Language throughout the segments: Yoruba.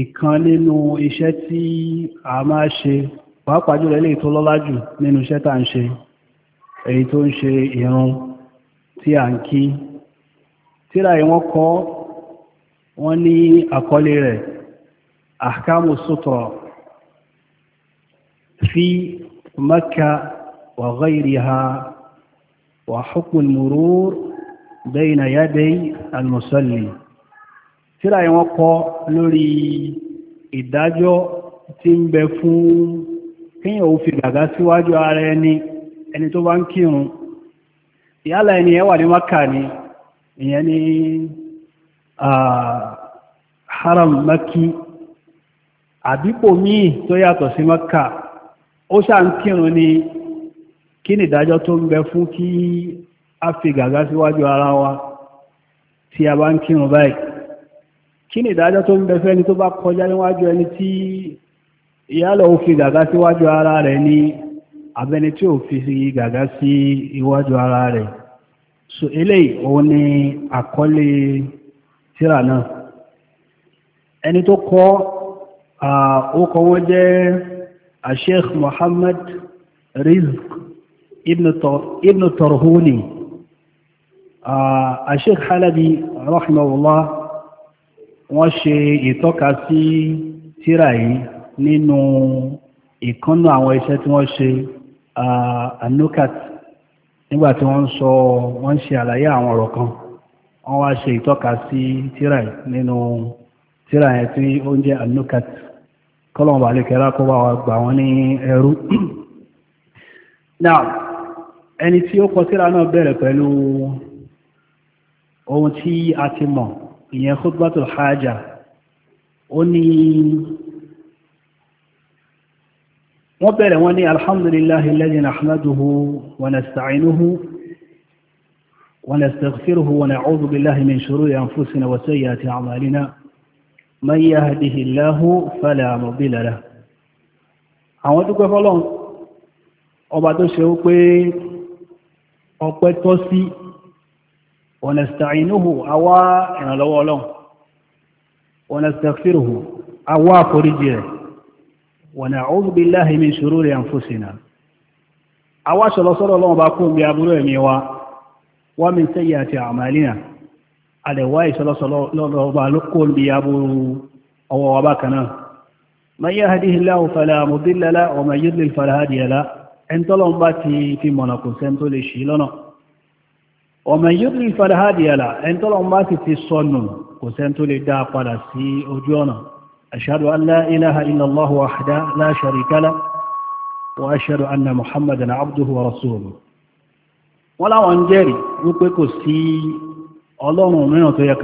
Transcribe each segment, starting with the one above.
ìkan nínú iṣẹ́ tí a máa ṣe pàápàá jùlọ ilé tó lọ́lá jù nínú iṣẹ́ tá ń ṣe èyí tó ń ṣe tí a ń kí tíra ìwọ́n kọ́ wọ́n ní àkọlé rẹ̀ fi maka wa ghayriha wa hukm al-murur bayna yaday al-musalli tíra yẹn wọ́n kọ lórí ìdájọ́ tí ń bẹ fún kíyàn ó fi gàgá síwájú ara ẹni ẹni tó bá ń kírun ìyálà ẹni ẹ ní maka ni ìyẹn ní haram maki àbípò míì tó yàtọ̀ sí maka ó ṣà ń kírun ni kí ni ìdájọ́ tó ń bẹ fún kí a fi gàgá síwájú ara wa tí a bá ń kírun báyìí kí ni ìdájọ́ tó ń bẹ fẹ́ni tó bá kọjá níwájú ẹni tí ìyálọ̀ ó fi gàgá síwájú ara rẹ̀ ní abẹni tí ò fi gàgá sí iwájú ara rẹ̀ so eléyìí òun ni àkọlé tírà náà ẹni tó kọ orúkọ wọn jẹ́ asheikh Muhammad Rizq ibn Tarhuni asheikh Halabi rahimahullah wọ́n ṣe ìtọ́ka sí tírà yìí nínú ìkánnà àwọn iṣẹ́ tí wọ́n ṣe anukat nígbà tí wọ́n ń sọ wọ́n ń ṣe àlàyé àwọn ọ̀rọ̀ kan wọ́n wá ṣe ìtọ́ka sí tírà yìí nínú tírà yẹn tí ó ń jẹ́ anukat kọ́lọ̀n wà lè kẹ́lá kó wà gbà wọ́n ní ẹrú now ẹni tí ó kọ tírà náà bẹ̀rẹ̀ pẹ̀lú ohun tí a ti mọ̀ ìyẹn khutbatul hajjá ó ní wọ́n bẹ̀rẹ̀ wọ́n ní alhamdulillahi alladhi nahmaduhu wa nasta'inuhu ونستغفره ونعوذ بالله من شرور أنفسنا وسيئات أعمالنا من يهده الله فلا مضل له àwọn dúpẹ́ fọ́lọ́n ọba tó ṣe ọ̀nàstàínúhù awá ìrànlọ́wọ́ ọlọ́run ọ̀nàstàfírùhù awá àforíjì rẹ̀ wọ̀nà ọ̀gbìláhì min shururi anfusina awá ṣọlọ́sọ́rọ̀ ọlọ́run bá kún bí aburú ẹ̀mí wa wọ́n min sayyiati a'malina àdẹ̀wá ìṣọlọ́sọ́rọ̀ ọlọ́run bá ló ọmọ yóò ní ìfàdà hádìyàlá ẹni tọ́lọ bá ti fi sọnù kò sẹ́n tó lè dáa padà sí ojú ọ̀nà ashhadu an la ilaha illallah wahda la sharika la wa ashhadu anna muhammadan abduhu wa rasuluhu wọ́n láwọn jẹ́rìí wípé kò sí ọlọ́run mìíràn tó yẹ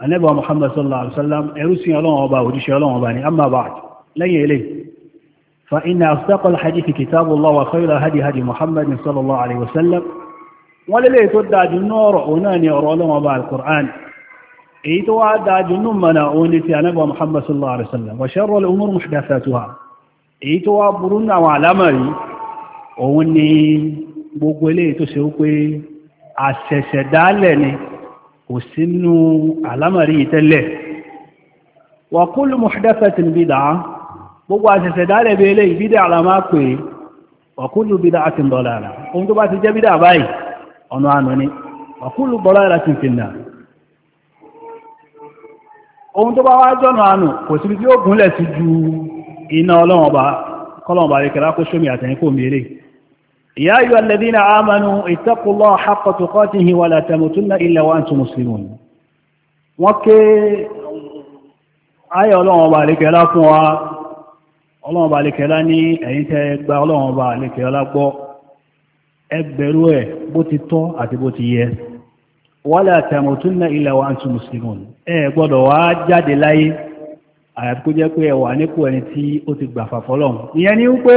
anẹ́bà Muhammad sallallahu alaihi wasallam ẹrú sí ọlọ́run ọba òjíṣẹ́ ọlọ́run ọba ni amma ba'd lẹ́yìn ilé fa inna asdaqal hadithi kitabullah wa khayral hadi hadi Muhammad sallallahu alaihi wasallam wọ́n lélẹ̀ tó dájú nọ́rọ̀ òun náà ni ọ̀rọ̀ ọlọ́run ọba al-Qur'an èyí tó wá dájú nù mọ̀nà òun ni ti anẹ́bà Muhammad sallallahu alaihi wasallam wa sharral umur muhdathatuha èyí tó wá burú náà wà òun ni gbogbo eléyìí tó ṣe wípé àṣẹ̀ṣẹ̀dálẹ̀ ni kò sínú àlámàrí ìtẹ́lẹ̀ wà kullu muhdathatin bid'ah gbogbo àṣẹ̀ṣẹ̀ dálẹ̀ bí ilé ìbídà àlàmà pé wà kullu bid'atin dalalah ohun tó bá ti jẹ́ bídà báyìí ọ̀nà àná ni wà kullu dalalatin fin-nar ohun tó bá wá jọ́nà àánú kò síbi tí ó gúnlẹ̀ sí ju iná ọlọ́wọ̀n bá kọ́lọ̀wọ̀n bá rí kẹrà kó ṣómi àtẹ̀yìn kò mèrè يا أيها الذين آمنوا اتقوا الله حق تقاته ولا تموتن إلا وأنتم مسلمون وكي ayé ọlọ́run ọba àlékẹ́lá fún wa ọlọ́run ọba àlékẹ́lá ní ẹ̀yin tẹ́ gba ọlọ́run ọba àlékẹ́lá gbọ́ ẹgbẹ̀rú ẹ̀ bó ti tọ́ àti bó ti yẹ wala tamutunna illa wa antum muslimun ẹ gbọ́dọ̀ wá jáde láyé àyàfi kó jẹ́ pé ẹ wà nípò ẹni tí ó ti gbà fàfọ́lọ́run ìyẹn ni wípé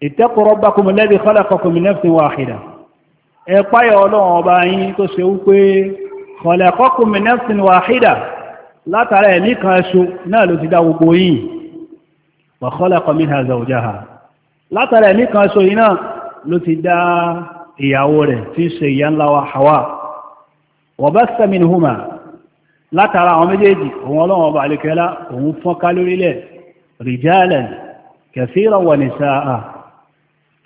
ittaqu rabbakum alladhi khalaqakum min nafsin wahida ẹ páyà ọlọ́run ọba yín tó ṣe wípé khalaqakum min nafsin wahida látara ẹ̀ nìkan ẹṣu náà ló ti dá gbogbo yìí wa khalaqa minha zawjaha látara ẹ̀ nìkan ẹṣu yìí náà ló ti dá ìyàwó rẹ̀ tí ń ṣe ìyá ńlá wa Hawa wa bassa minhuma látara àwọn méjèèjì òun ọlọ́run ọba àlekẹ́lá òun fọ́n ká lórílẹ̀ rijalan kathiran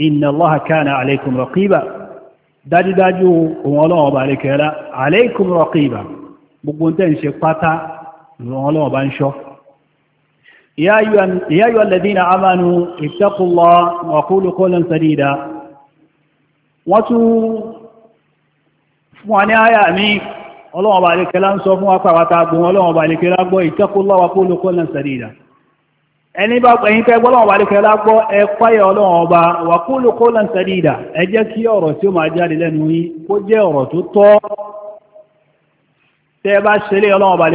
inna allaha kana alaykum raqiba dájúdájú òun ọlọ́run ọba àríkẹ́lá alaykum raqiba gbogbo ń tẹ́ ń ṣe pátá òun ọlọ́run ọba ń ṣọ́ يا أيها الذين آمنوا اتقوا الله وقولوا قولا سديدا وتو فواني آية أمي الله أبا عليك لان صفوا أقوى وتعبوا الله أبا عليك لان اتقوا الله وقولوا قولا سديدا ẹni bá ẹ̀yin tẹ́ gbọ́lọ́wọ́ bá lékẹ́ lágbọ́ ẹ páyà ọlọ́run ọba wa qulu qawlan sadida ẹ jẹ́ kí ọ̀rọ̀ tí ó máa jáde lẹ́nu yín kó jẹ́ ọ̀rọ̀ tó tọ́ tẹ́ bá ṣe lé ọlọ́run ọba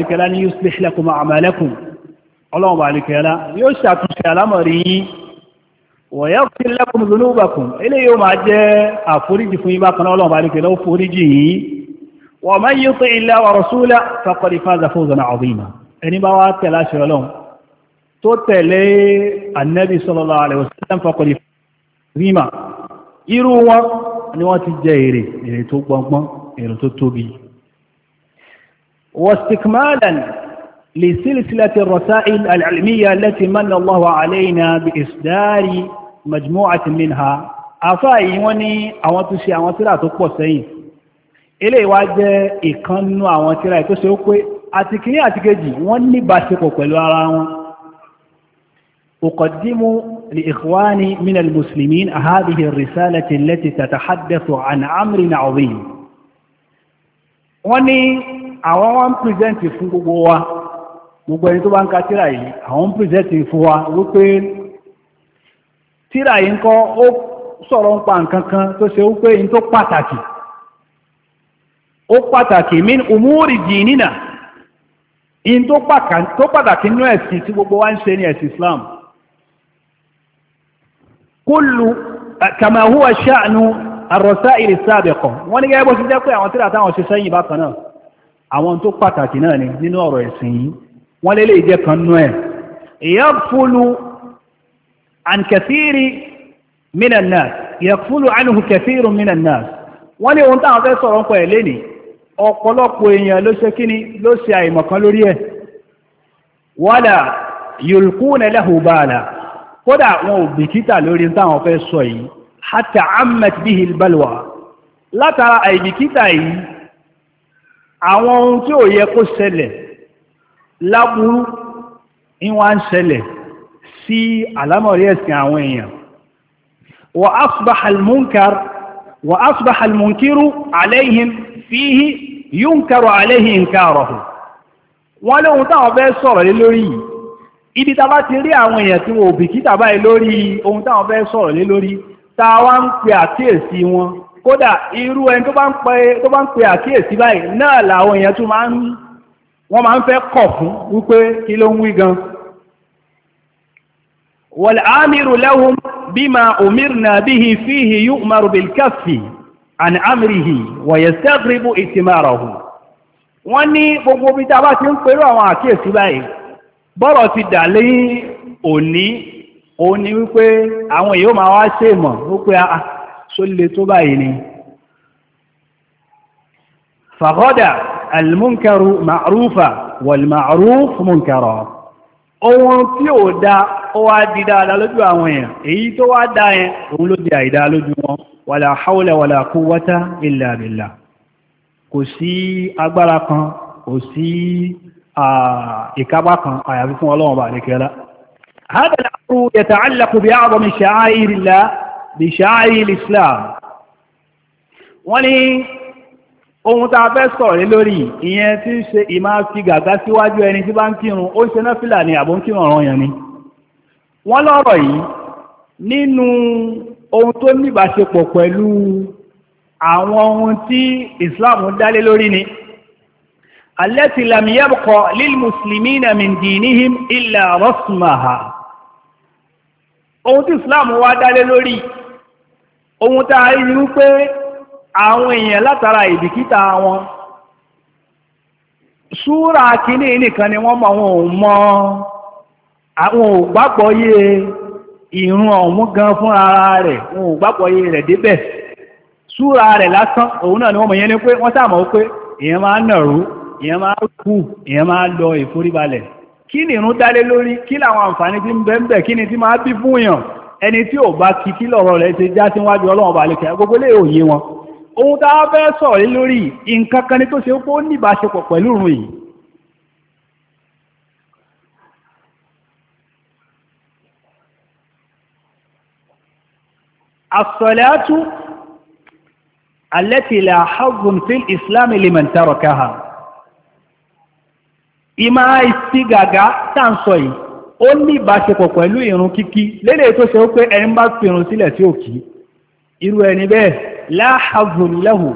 lá ní yóò ṣàtúnṣe àlámọ̀rí tó tẹ̀lé annabi sallallahu alaihi wasallam faqad rima irú wọn ni wọ́n ti jẹ èrè èrè tó gbọngbọ́n èrè tó tóbi wastikmalan li silsilati ar-rasail al-ilmiyya allati manna Allahu alaina bi isdari majmu'atin minha afa yi wọ́n ní àwọn tó ṣe àwọn tírà tó pọ̀ sẹ́yìn eléyìí wá jẹ́ ìkan nínú àwọn tírà tó ó pé àti àti kejì wọ́n ní ìbáṣepọ̀ pẹ̀lú ara wọn أقدم لإخواني من المسلمين هذه الرسالة التي تتحدث عن أمر عظيم وني àwọn pírẹsẹ̀ntì fún gbogbo wa gbogbo ẹni tó bá ń ka tíra yìí àwọn pírẹsẹ̀ntì fún wa wípé tíra yìí ń kọ́ ó sọ̀rọ̀ ń pa nǹkan kan tó ṣe wípé in tó pàtàkì ó pàtàkì min umuri dinina in tó pàtàkì nínú ẹ̀sìn tí gbogbo wa ń ṣe ní ẹ̀sìn Islam kullu eh, kama huwa sha'nu ar-rasail as-sabiqa wọ́n ní gẹ́gẹ́ bó ti jẹ́ pé àwọn tíra táwọn ṣe sẹ́yìn bákan náà àwọn tó pàtàkì náà ni nínú ọ̀rọ̀ ẹ̀sìn yìí wọ́n lè lè jẹ́ kan nú ẹ̀ yaqfulu an kathiri minan nas yaqfulu anhu kathirun minan nas wọ́n ní ohun táwọn fẹ́ sọ̀rọ̀ pẹ̀ lẹ́ni ọ̀pọ̀lọpọ̀ èèyàn ló ṣe kíni ló ṣe àìmọ̀kan lórí ẹ̀ wala yulquna lahu bala kódà wọn ò bìkítà lórí táwọn fẹ́ sọ yìí hata amet bihi albalwa látara àìbìkítà yìí àwọn ohun tí ò yẹ kó ṣẹlẹ̀ láburú ń wá ń ṣẹlẹ̀ sí àlámọ̀rí ẹ̀sìn àwọn èèyàn wa asbaha almunkar wa asbaha almunkiru alayhim fihi yunkaru alayhi inkaruhu wọ́n lóhun táwọn fẹ́ sọ̀rọ̀ lórí yìí ibi tá bá ti rí àwọn èèyàn tí wọn ò bìkítà báyìí lórí ohun táwọn fẹ́ sọ̀rọ̀ lé lórí tá wá ń pe àkíyèsí wọn kódà irú ẹni tó bá ń pe àkíyèsí báyìí náà làwọn èèyàn tún máa ń wọ́n máa ń fẹ́ kọ̀ fún wípé kí ló ń wí gan wal amiru lahum bima umirna bihi fihi yu'maru bil kaffi an amrihi wa yastaghribu itimaruhu wọ́n ní gbogbo bí tá bá ti ń perú àwọn àkíyèsí báyìí bọ́rọ̀ ti dà lẹ́yìn òní òun ni wípé àwọn èèyàn máa wá ṣe mọ̀ wípé a ah, ah, ṣó lè tó báyìí ni fàkọ́dà almunkaru ma'rufa walma'ruf munkara ohun tí ò dá ó wá di dáadáa lójú àwọn èèyàn èyí tó wá dá yẹn òun ló di àìdá lójú wọn wàlà haúlà wàlà quwwata illa billah kò sí agbára kan kò sí ìkápá kan àyàfi fún ọlọ́run bá nìkẹ́lá هذا الأمر يتعلق بأعظم شعائر الله بشعائر الإسلام wọ́n ní ohun tá a fẹ́ sọ̀rọ̀ lé lórí ìyẹn tí ń ṣe ìmá fi gàgá síwájú ẹni tí bá ń kírun ó ṣe náfìlà ní àbó ń kírun ọ̀ràn ni wọ́n lọ́rọ̀ yìí nínú ohun tó níbàṣepọ̀ pẹ̀lú àwọn ohun tí Islam dálé lórí ni التي لم يبق للمسلمين من دينهم إلا رسمها ohun tí islam wá dálé lórí ohun tá a rí wípé àwọn èèyàn látara ìbìkítà wọn súra kínní nìkan ni wọ́n mọ̀ àwọn ò mọ̀ àwọn ò gbàgbọ́ yé ìrun ọ̀hún gan fúnra rẹ̀ wọn ò yé rẹ̀ débẹ̀ súra rẹ̀ lásán òun náà ni wọ́n mọ̀ yẹn ni pé wọ́n sáà mọ̀ pé èèyàn máa ń nàró èèyàn máa kú èèyàn máa lọ ìforíbalẹ̀ kí ni ìrun dálé lórí kí làwọn àǹfààní tí ń bẹ ń bẹ kí ni tí máa bí fún yàn ẹni tí ò bá kí kí lọ̀rọ̀ rẹ̀ ṣe já síwájú ọlọ́run ọba gbogbo lè òye wọn ohun tá a fẹ́ sọ̀rọ̀ lórí nǹkan kan ni tó ṣe pé ní ìbáṣepọ̀ pẹ̀lú ìrun yìí as-salatu allati la hazzun fil islam liman tarakaha ìmá ìsí gàgá tàǹsọ̀ yìí ó ní ìbáṣepọ̀ pẹ̀lú ìrun kíkí lélẹ̀ tó ṣe ó pé ẹni bá fi ìrun sílẹ̀ tí ó kí irú ẹni bẹ́ẹ̀ láhàzùn lẹ́hù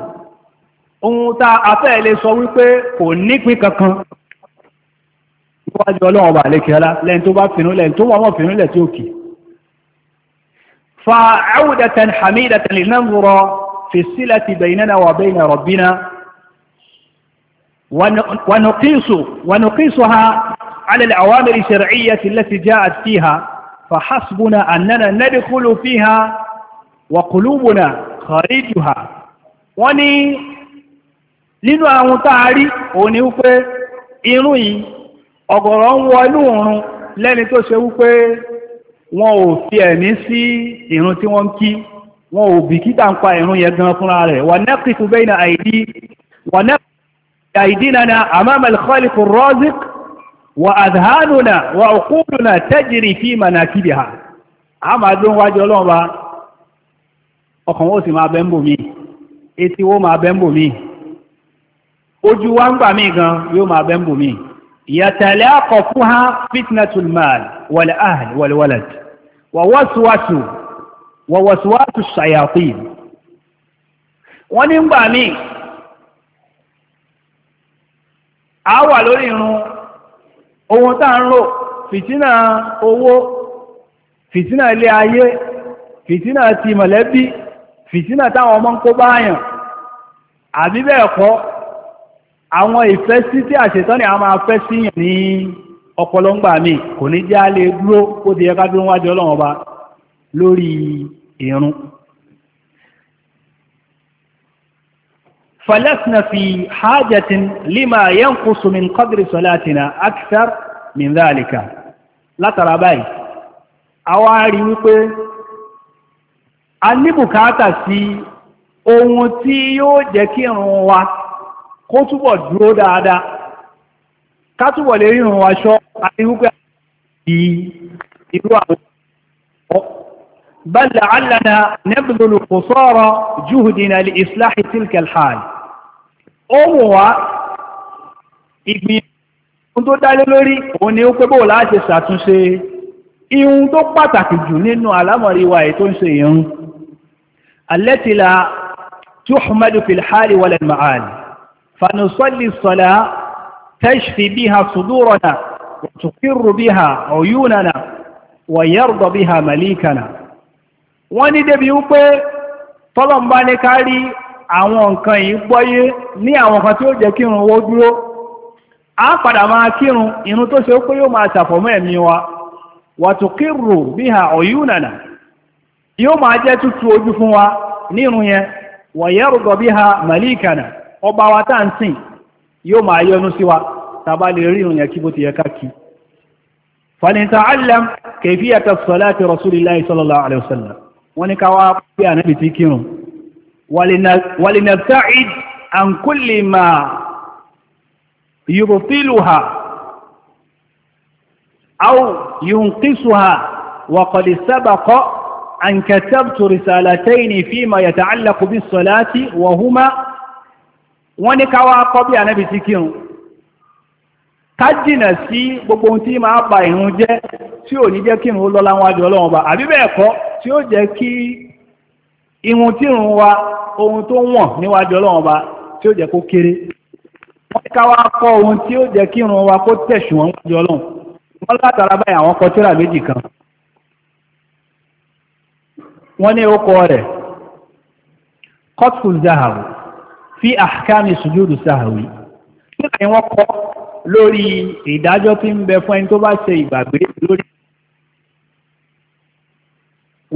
ohun tá a fẹ́ lè sọ wípé kò nípín kankan níwájú ọlọ́run ọba àlékẹ́lá lẹ́yìn tó bá fìrún lẹ́yìn tó wọ́n fìrún lẹ̀ tí ó kì fa àwùdẹ̀tẹ̀ hàmídẹ̀tẹ̀ lè náà rọ fèsílẹ̀ ti bẹ̀yìn náà wà bẹ́yìn rọ̀bínà ونقيس ونقيسها على الأوامر الشرعية التي جاءت فيها فحسبنا أننا ندخل فيها وقلوبنا خارجها wọ́n ní nínú àwọn táàrí òun ni wípé irun yìí ọ̀gọ̀rọ̀ ń wọ inú òrun lẹ́ni tó ṣe wípé wọn ò fi ẹ̀mí sí irun tí wọ́n ń kí wọn ò bìkítà ń pa irun yẹn gan fúnra rẹ̀ wà nẹ́kìtù bẹ́ẹ̀ ní àìrí wà nẹ́kìtù بأيدينا أمام الخالق الرازق وأذهاننا وعقولنا تجري في مناكبها أما دون واجه الله ọkàn ó sì máa bẹ́ ń bò mí etí ó máa bẹ́ ń bò mí ojú wa ń gbà mí gan yóò máa bẹ́ ń bò mí ìyàtàlẹ́ akọ̀ fún ha fitnatul mal wal ahl wal walad wàwọ́síwáṣù wàwọ́síwáṣù ṣàyàfíì wọ́n ní ń gbà mí a wà lórí irun ohun tá ń rò fìtínà owó fìtínà ilé ayé fìtínà ti mọ̀lẹ́bí fìtínà táwọn ọmọ ń kó báyàn àbí bẹ́ẹ̀ kọ́ àwọn ìfẹ́ sí tí àṣetán ni a máa fẹ́ síyàn ní ọpọlọgbà mi kò ní jẹ́ a lè dúró ó ti yẹ ká dúró wájú ọlọ́run ọba lórí irun فلسنا في حاجة لما ينقص من قدر صلاتنا أكثر من ذلك لا ترى باي awari wípé a ní bùkátà sí ohun tí yóò jẹ́ kí ìrun wa kó túbọ̀ dúró dáadáa ká túbọ̀ lè rí ìrun wa ṣọ́ àti wípé àti irú àwọn بل لعلنا نبذل قصارى جهدنا لإصلاح تلك الحال ó wù wá ìgbìyànjú tó dálé lórí òun ni ó pé bóò láti ṣàtúnṣe ihun tó pàtàkì jù nínú àlámọ̀ríwá èyí tó ń ṣe ìrun alẹ́tìlá tí ó hùmẹ́dù fìlhálì wọlé màálì fanusọ́lì àwọn nǹkan yìí gbọ́yé ní àwọn nǹkan tí ó jẹ́ kírun owó dúró a padà máa kírun irun tó ṣe ó pé yóò máa ṣàfọ̀mọ́ ẹ̀mí wa wàtùkírù biha uyunana yóò máa jẹ́ tútù ojú fún wa ní irun yẹn wọ̀yẹ́rùgọ̀ biha malikana ọba wa tá ń sìn yóò máa yọ́nú sí wa tàbá lè rí irun yẹn kí bó ti yẹ ká kí فلنتعلم كيفية الصلاة رسول الله صلى الله عليه وسلم ونكوا بأنبتي كيرون ولنبتعد عن كل ما يبطلها أو ينقصها وقد سبق أن كتبت رسالتين فيما يتعلق بالصلاة وهما ونكوا قبل نبي سكين kájìnà sí gbogbo ohun tí máa bà ìrun jẹ́ tí ò ní jẹ́ kí ìrun lọ́lá wájú Ọlọ́run bá àbí bẹ́ẹ̀ kọ́ tí ó jẹ́ kí ìwọ̀n tí ìrùn wa ohun tó wọ̀n níwájú ọlọ́run ba tí ó jẹ́ kó kéré wọ́n ká wá kọ́ ohun tí ó jẹ́ kí ìrùn wa kó tẹ̀ṣù wọn níwájú ọlọ́run wọ́n látara báyìí àwọn kọ tíra méjì kan wọ́n ní orúkọ rẹ̀ kọ́tù fi sùjúdù nígbà wọ́n kọ́ lórí ìdájọ́ tí ń bẹ fún ẹni tó bá ṣe ìgbàgbé lórí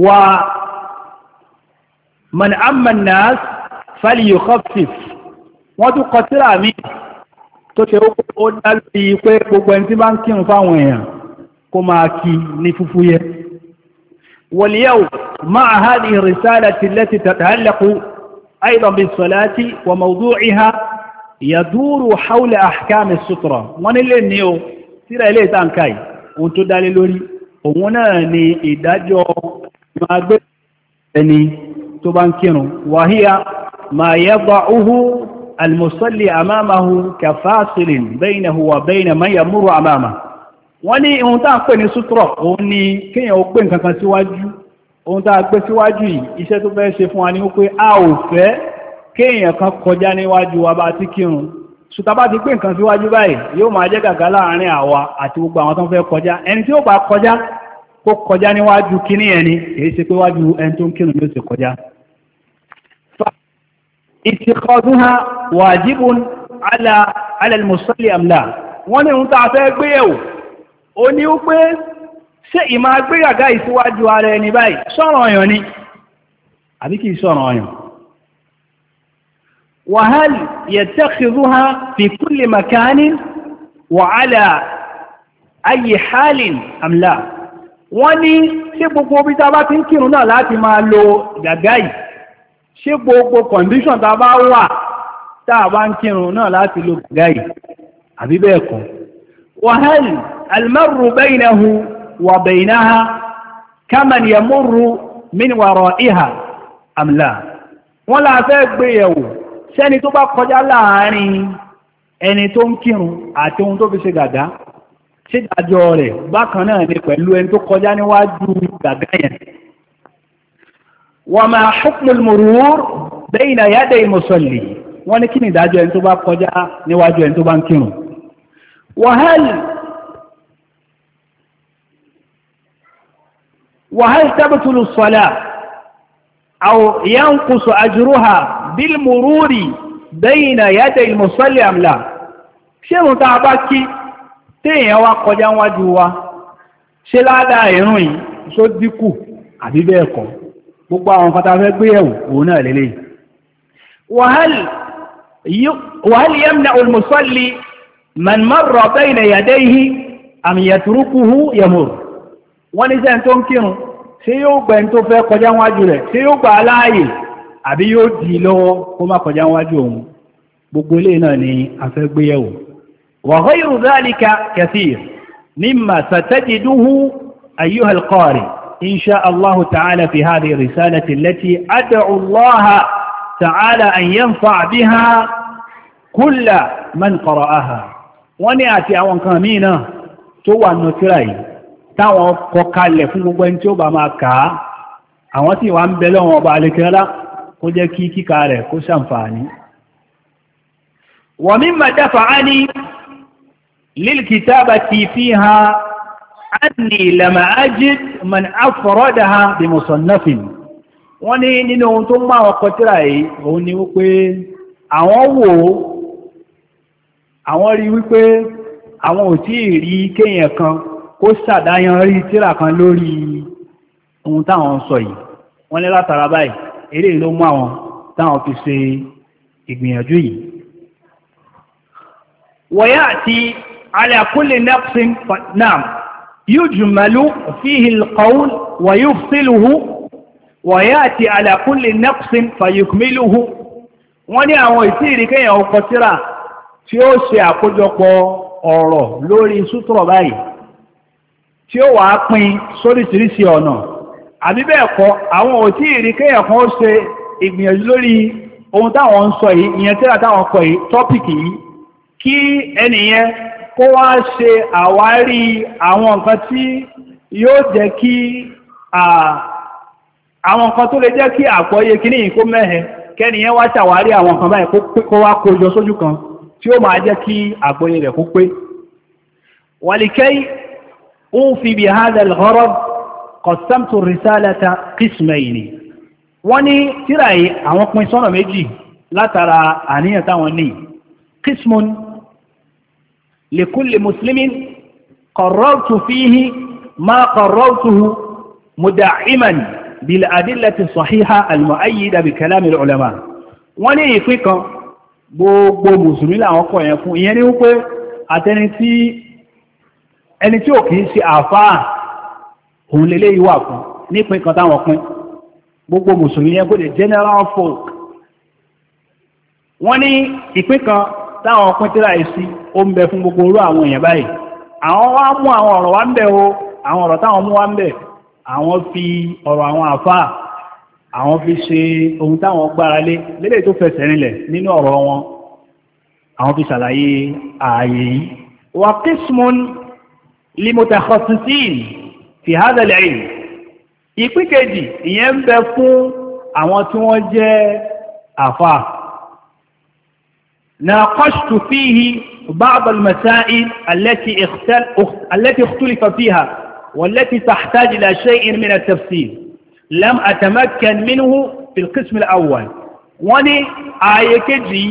wa man amman nas fali yukhaffif wọ́n tún kọ síra mi tó ṣe ó dá lórí pé gbogbo ẹni tí bá ń kírun fáwọn èèyàn kó máa kí ní fúfú yẹ wal yawm ma'a hadhihi risalati allati tata'allaqu aydan bis salati wa mawdu'iha yaduru hawla ahkami sutra wọ́n nílé ní o síra ilé ìtànká ohun tó dálé lórí òun náà ni ìdájọ́ tó bá ń kírun wàhíyà ma yada'uhu al-musalli amamahu kafasilin baynahu wa bayna man yamuru amamahu wọ́n ní ohun tá à ń pè ní sútúrọ̀ òun ni kéèyàn ó pé nǹkan kan síwájú ohun tá a gbé síwájú yìí iṣẹ́ tó fẹ́ ṣe fún wa ní wípé a ò fẹ́ kéèyàn kan kọjá níwájú wa bá ti kírun ṣùtá bá ti pé nǹkan síwájú báyìí yóò máa jẹ́ gàgá láàrin àwa àti gbogbo àwọn tó ń fẹ́ kọjá ẹni tí ó bá kọjá kó kọjá níwájú kíní ẹni èyí ṣe pé wájú ẹni tó ń kírun yóò ṣe kọjá اتخاذها واجب على على المصلي ام لا wọ́n ní ohun tàà fẹ́ gbé ẹ̀wò ó ní ó pé ṣé ìmá gbéyàgá ìsíwájú ara ẹni báyìí sọ̀rọ̀ ọ̀yàn ni àbí kìí sọ̀rọ̀ ọ̀yàn وهل يتخذها في كل مكان وعلى أي حال ام لا wọ́n ní ṣé gbogbo bí tá a bá ti ń kírun náà láti máa lo gàgá yìí ṣé gbogbo condition tá a bá wà tá a bá ń kírun náà láti lo gàgá yìí àbí bẹ́ẹ̀ kọ́ wàhálì almaru bẹ́yìnahu wà bẹ́yìnáha kámẹ́ni yamuru min wàrọ̀ ìhà àmìlà wọ́n là fẹ́ gbé yẹ̀wò sẹ́ni tó bá kọjá láàárín ẹni tó ń kírun àti ohun tó fi ṣe gàgá ṣé dájọ́ rẹ̀ bákan náà ni pẹ̀lú ẹni tó kọjá níwájú gàgá yẹn wọ́n máa hukmul murur bayna yaday musalli wọ́n ní kí ni ìdájọ́ ẹni tó bá kọjá níwájú ẹni tó bá ń kírun wahal wahal tabtulu as-salah aw yanqusu ajruha bil mururi bayna yaday la ṣé òun tá bá kí téèyàn wá kọjá wájú wa ṣé ládàá ìrun yìí ṣó àbí bẹ́ẹ̀ kọ́ gbogbo àwọn fata fẹ́ gbé ẹ̀wù òun náà lélẹ̀ wàhálì yẹ́mìnà olùmùsọ́lì mẹ́nmọ́rọ̀ bẹ́yìn ẹ̀yàdẹ́ yìí àmì yẹ̀tùrúkúhú yẹ̀mùr wọ́n ní sẹ́ni tó ń kírun ṣé yóò gbẹ̀ tó fẹ́ kọjá wájú rẹ̀ ṣé yóò gbà láàyè àbí yóò dì lọ́wọ́ kó má kọjá wájú òun gbogbo ilé náà ni a fẹ́ gbé yẹ̀wò wàhálì rúdálíkà kẹsì mímà sàtẹ́jì dúhú ayúhàlkọ́rì إن شاء الله تعالى في هذه الرسالة التي أدعو الله تعالى أن ينفع بها كل من قرأها وني أتي أوان كامينا توا نتراي توا قوكال فنقوا انتوا بما كا أوان تي وان بلون وبالك لا قد كيكي كاري كسان فاني ومما دفعني للكتابة فيها anni lama ajid man afradaha bi musannafin wọ́n ní nínú ohun tó máa ọkọ̀ tíra yìí òun ni wípé àwọn wò àwọn rí wípé àwọn ò tí ì rí kéèyàn kan kó sàdáyan rí tíra kan lórí ohun táwọn sọ yìí wọ́n ní látara báyìí eré ló mú àwọn táwọn fi ṣe ìgbìyànjú yìí wọ́yá àti ala kulli nafsin naam يجمل فيه القول ويفصله ويأتي على كل نقص فيكمله wọ́n ní àwọn ìtírí kéèyàn ọkọ̀ tíra tí ó ṣe àkójọpọ̀ ọ̀rọ̀ lórí sútúrọ̀ báyìí tí ó wà á pín sóríṣiríṣi ọ̀nà àbí bẹ́ẹ̀ kọ́ àwọn òtírí kéèyàn kan ó ṣe ìgbìyànjú lórí ohun táwọn ń sọ yìí ìyẹn tíra táwọn kọ yìí tọ́pìkì yìí kí ẹnìyẹn kó wá ṣe àwárí àwọn nǹkan tí yóò jẹ́ kí àwọn nǹkan tó lè jẹ́ kí àpọ̀yé kí ní ìkó mẹ́hẹ kẹ́niyàn wá ṣàwárí àwọn nǹkan báyìí kó wá kójọ sójú kan tí ó máa jẹ́ kí àpọ̀yé rẹ̀ kó pé wàlìkẹ́yì لكل مسلم قررت فيه ما قررته مدعما بالأدلة الصحيحة المؤيدة بكلام العلماء wọ́n ní ìpín kan gbogbo mùsùlùmí làwọn kọ̀ yẹn fún ìyẹn ni wípé àtẹni tí ẹni tí ò kìí ṣe àfáà òun lè léyìí wà fún nípín kan táwọn pín gbogbo mùsùlùmí yẹn kó lè general folk wọ́n ní ìpín kan táwọn pín tíra ìsí ó ń bẹ fún gbogbo orú àwọn èèyàn báyìí àwọn wá mú àwọn ọ̀rọ̀ wá ń bẹ̀ o àwọn ọ̀rọ̀ táwọn mú wá ń bẹ̀ àwọn fi ọ̀rọ̀ àwọn àfáà àwọn fi ṣe ohun táwọn gbára lé lédè tó fẹsẹ̀ rinlẹ̀ nínú ọ̀rọ̀ wọn àwọn fi ṣàlàyé ààyè yìí wà qismun li mutakhassisin fi hadha al-ilm ìyẹn ń bẹ fún àwọn tí wọ́n jẹ́ àfáà ناقشت فيه بعض المسائل التي اختل... التي اختلف فيها والتي تحتاج إلى شيء من التفسير لم أتمكن منه في القسم الأول wani ààyè kejì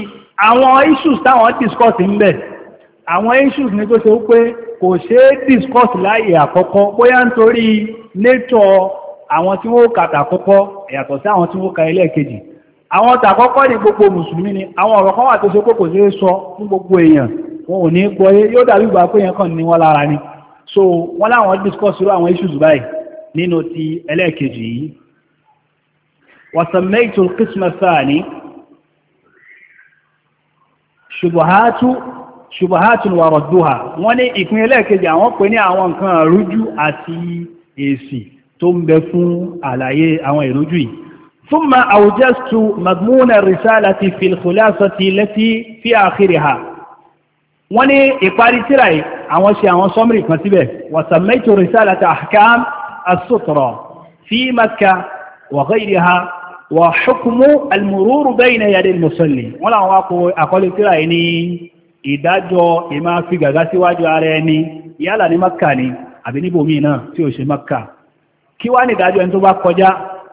àwọn issues táwọn discuss ń bẹ̀ àwọn issues ní tó ṣe wípé kò ṣe é discuss láàyè àkọ́kọ́ bóyá nítorí nature àwọn tí wọ́n kàtà àkọ́kọ́ yàtọ̀ sí àwọn tí wọ́n ka ẹlẹ́ẹ̀kejì àwọn tàkọ́kọ́ ní gbogbo mùsùlùmí ni àwọn ọ̀rọ̀ kan wà tó ṣe pé kò ṣeé sọ fún gbogbo èèyàn wọn ò ní gbọ́ yóò dàbí ìgbà pé èèyàn kàn ní wọn lára ni so wọn láwọn discuss irú àwọn issues báyìí nínú ti ẹlẹ́ẹ̀kejì yìí وسميت القسم الثاني شبهات شبهات وردها wọ́n ní ìpín ẹlẹ́ẹ̀kejì àwọn pè ní àwọn nǹkan rújú àti èsì tó ń bẹ fún àlàyé àwọn ìrújú yìí ثم أوجزت مضمون الرسالة في الخلاصة التي في آخرها wọ́n ní ìparí tíra yìí àwọn ṣe àwọn sọ́mìrì kan síbẹ̀ وسميت رسالة أحكام السترة في مكة وغيرها وحكم المرور بين يدي المصلي wọ́n láwọn àkọlé tíra yìí ní ìdájọ́ ìmá fi gàgá síwájú ara ẹni yálà ní Makka ni àbí níbòmí náà tí ó ṣe Makka kí wá ní ìdájọ́ ẹni tó bá kọjá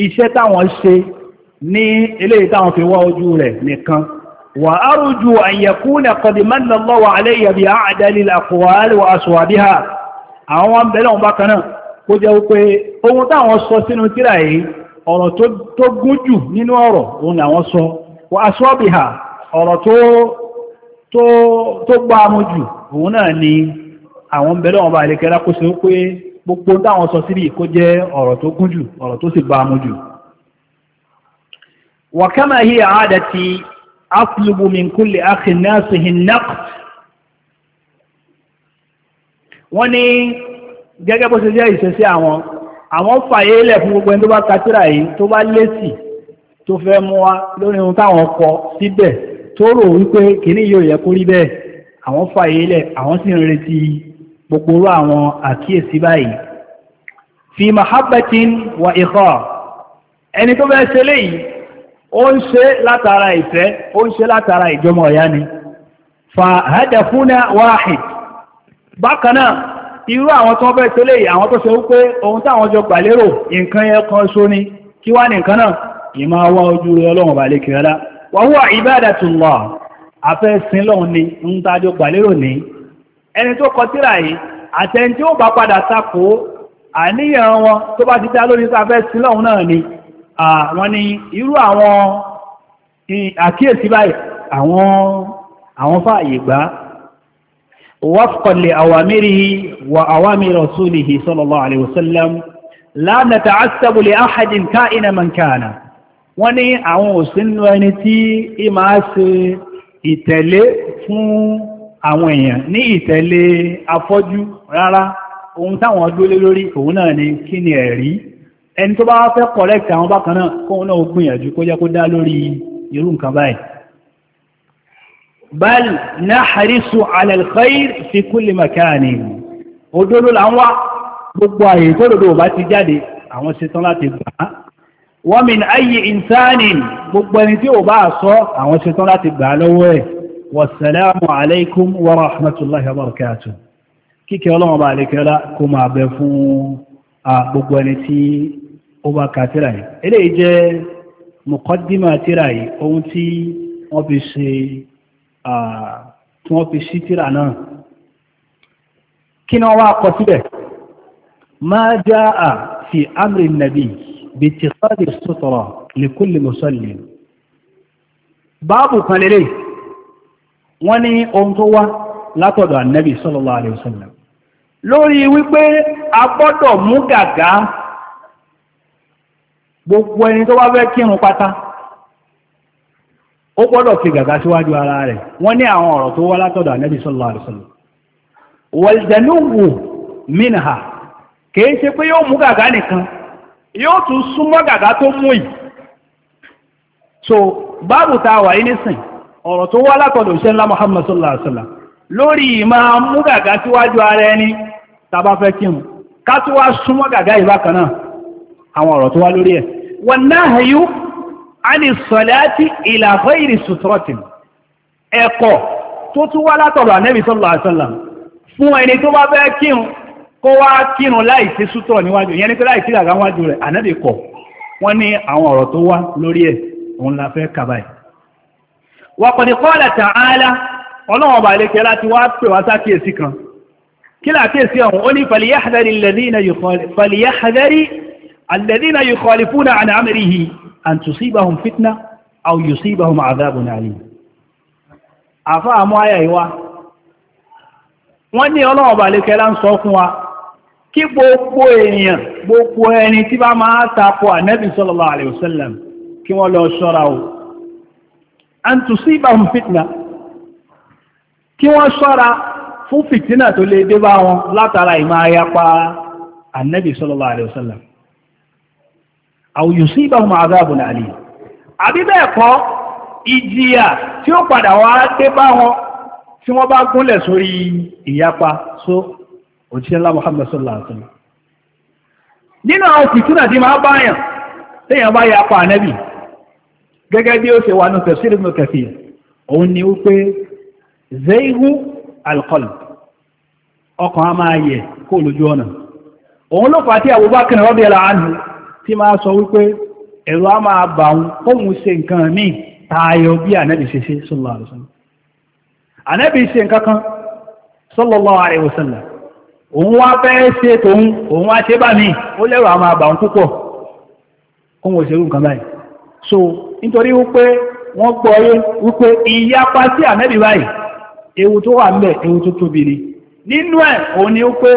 iṣẹ́ táwọn ṣe ní eléyìí táwọn fi wá ojú rẹ̀ nìkan wà arújú àyẹ̀kúnà kọdìmọ́lọ́wọ́ aléyàbí àádẹ́lì àkọwàálì wa aṣòwàbíhà àwọn bẹ̀rẹ̀ wọn bákanáà kó jẹ́ wípé ohun táwọn sọ sínú tíra yìí ọ̀rọ̀ tó gún jù nínú ọ̀rọ̀ òun làwọn sọ gbogbo táwọn sọ síbí kó jẹ́ ọ̀rọ̀ tó gún jù ọ̀rọ̀ tó sì bá mú jù wa kama hiya aadati atlubu min kulli akhi nasihi naqd wọ́n ní gẹ́gẹ́ bó ṣe jẹ́ ìṣesí àwọn àwọn fàyè ilẹ̀ fún gbogbo ẹni tó bá katira yìí tó bá lésì tó àwọn fàyè gbogbo orú àwọn àkíyèsí báyìí fi mahabbatin wa ikha ẹni tó bẹ́ẹ̀ ṣe léyìí ó ń ṣe látara ìfẹ́ ó ń ṣe látara ìjọmọ̀ ọ̀yá ni fa hadafuna wahid bákanáà irú àwọn tó bẹ́ẹ̀ ṣe léyìí àwọn tó ṣe wípé ohun táwọn jọ gbàlérò nǹkan yẹn kan ṣó ni kí wá ní nǹkan náà ìmọ̀ àwọn ojú ọlọ́run bá kìrẹ́lá wa huwa ibadatullah afẹ́ lọ́run ni ń tájọ gbàlérò ní ẹni tó kọ tírà yìí àtẹni tí ó bá padà takò àníyàn wọn tó bá ti dá lórí sáfẹ́ sílọ́hun náà ni àwọn ni irú àwọn àkíyèsí báyìí àwọn àwọn fààyè gbá wafqan li awamirihi wa awamir rasulihi sallallahu alaihi wasallam la nata'assabu li ahadin ka'ina man wọ́n ní àwọn òsínú ẹni tí ìmáa ṣe ìtẹ̀lé fún àwọn èèyàn ní ìtẹ̀lé afọ́jú rárá ohun táwọn dúlé lórí òun náà ni kí ni ẹ̀rí ẹni tó bá fẹ́ correct àwọn bákan náà kóhun náà gbìyànjú kó jẹ́ kó dá lórí irú nǹkan báyìí bal nahrisu ala al-khair fi kulli makani òdodo là ń wá gbogbo àyè tó dodo wàsàlámù alaikum wa rahmatullahi wa barakatuh kíkẹ́ ọlọ́wọ́ bá alékẹ́lá kó máa bẹ fún gbogbo ẹni tí ó bá ka tíra yìí eléyìí jẹ́ mọ̀kọ́dímà tíra yìí ohun tí wọ́n fi ṣe tí wọ́n fi ṣí tíra náà kí ni wọ́n wá kọ síbẹ̀ máa já à fi amri nabi bí ti sọ́dí sọ́tọ̀rọ̀ lè kulli musallim báàbù kan lélẹ́yìí wọ́n ní ohun tó wá látọ̀dọ̀ annabi sallallahu alaihi wasallam lórí wípé a gbọ́dọ̀ mú gàgá gbogbo ẹni tó bá fẹ́ kírun pátá ó gbọ́dọ̀ fi gàgá síwájú ara rẹ̀ wọ́n ní àwọn ọ̀rọ̀ tó wá látọ̀dọ̀ annabi sallallahu alaihi wasallam wàlìdẹ̀lúwù mínà kìí ṣe pé yóò mú gàgá nìkan yóò so báàbù ta wà ọ̀rọ̀ tó wá látọ̀dọ̀ ṣe ńlá Muhammad sallallahu alaihi wasallam lórí ìmá mú gàgá síwájú ara ẹni tàbá fẹ́ kí wọn ká tó wá súnmọ́ gàgá ìbákan náà àwọn ọ̀rọ̀ tó wá lórí ẹ̀ wan nahyu ani salati ila ghairi sutratin ẹ̀kọ́ tó ni àwọn ọ̀rọ̀ tó wá lórí ẹ̀ òun la fẹ́ kàbáyìí وقد قال تعالى ọlọ́wọ̀n bá lè kẹ́ láti wá pè wá sákèsí kan kí lákèsí ọ̀hún ó ní فليحذر الذين يخالف فليحذر الذين يخالفون عن أمره أن تصيبهم فتنة أو يصيبهم عذاب عليم àfáà mú ayà ìwá wọ́n ní ọlọ́wọ̀n bá lè kẹ́ ń sọ fún wa kí gbogbo èèyàn gbogbo ẹni tí bá máa tako ànẹ́bì sallallahu an tusibahum fitna kí wọ́n ṣọ́ra fún fìtínà tó lè dé bá wọn látara ìmọ̀ ayapa annabi sallallahu alaihi wasallam aw yusibahum azabun alim àbí bẹ́ẹ̀ kọ́ ìjìyà tí ó padà wá dé bá wọn tí wọ́n bá gúnlẹ̀ sórí ìyapa so òjíṣẹ́lá Muhammad sallallahu alaihi wasallam nínú àwọn fìtínà tí máa báyàn gẹ́gẹ́ bí ó ṣe wà ní ni wípé zeihu alqalb ọkàn a máa yẹ kó lójú ọ̀nà òun ló fà á Abubakar radiyallahu anhu tí máa sọ wípé ẹ̀rọ a máa bà wọn kóhun ṣe nǹkan míì bí ṣe ṣe ṣe nǹkan kan mi ó lẹ́rọ a máa bà wọn púpọ̀ kóhun ṣerú nǹkan báyìí nítorí wípé wọ́n gbọ́ yé wípé ìyapa sí ànábì báyìí ewu tó wà ńbẹ̀ ewu tó tóbi ni nínú ẹ̀ òun ni wípé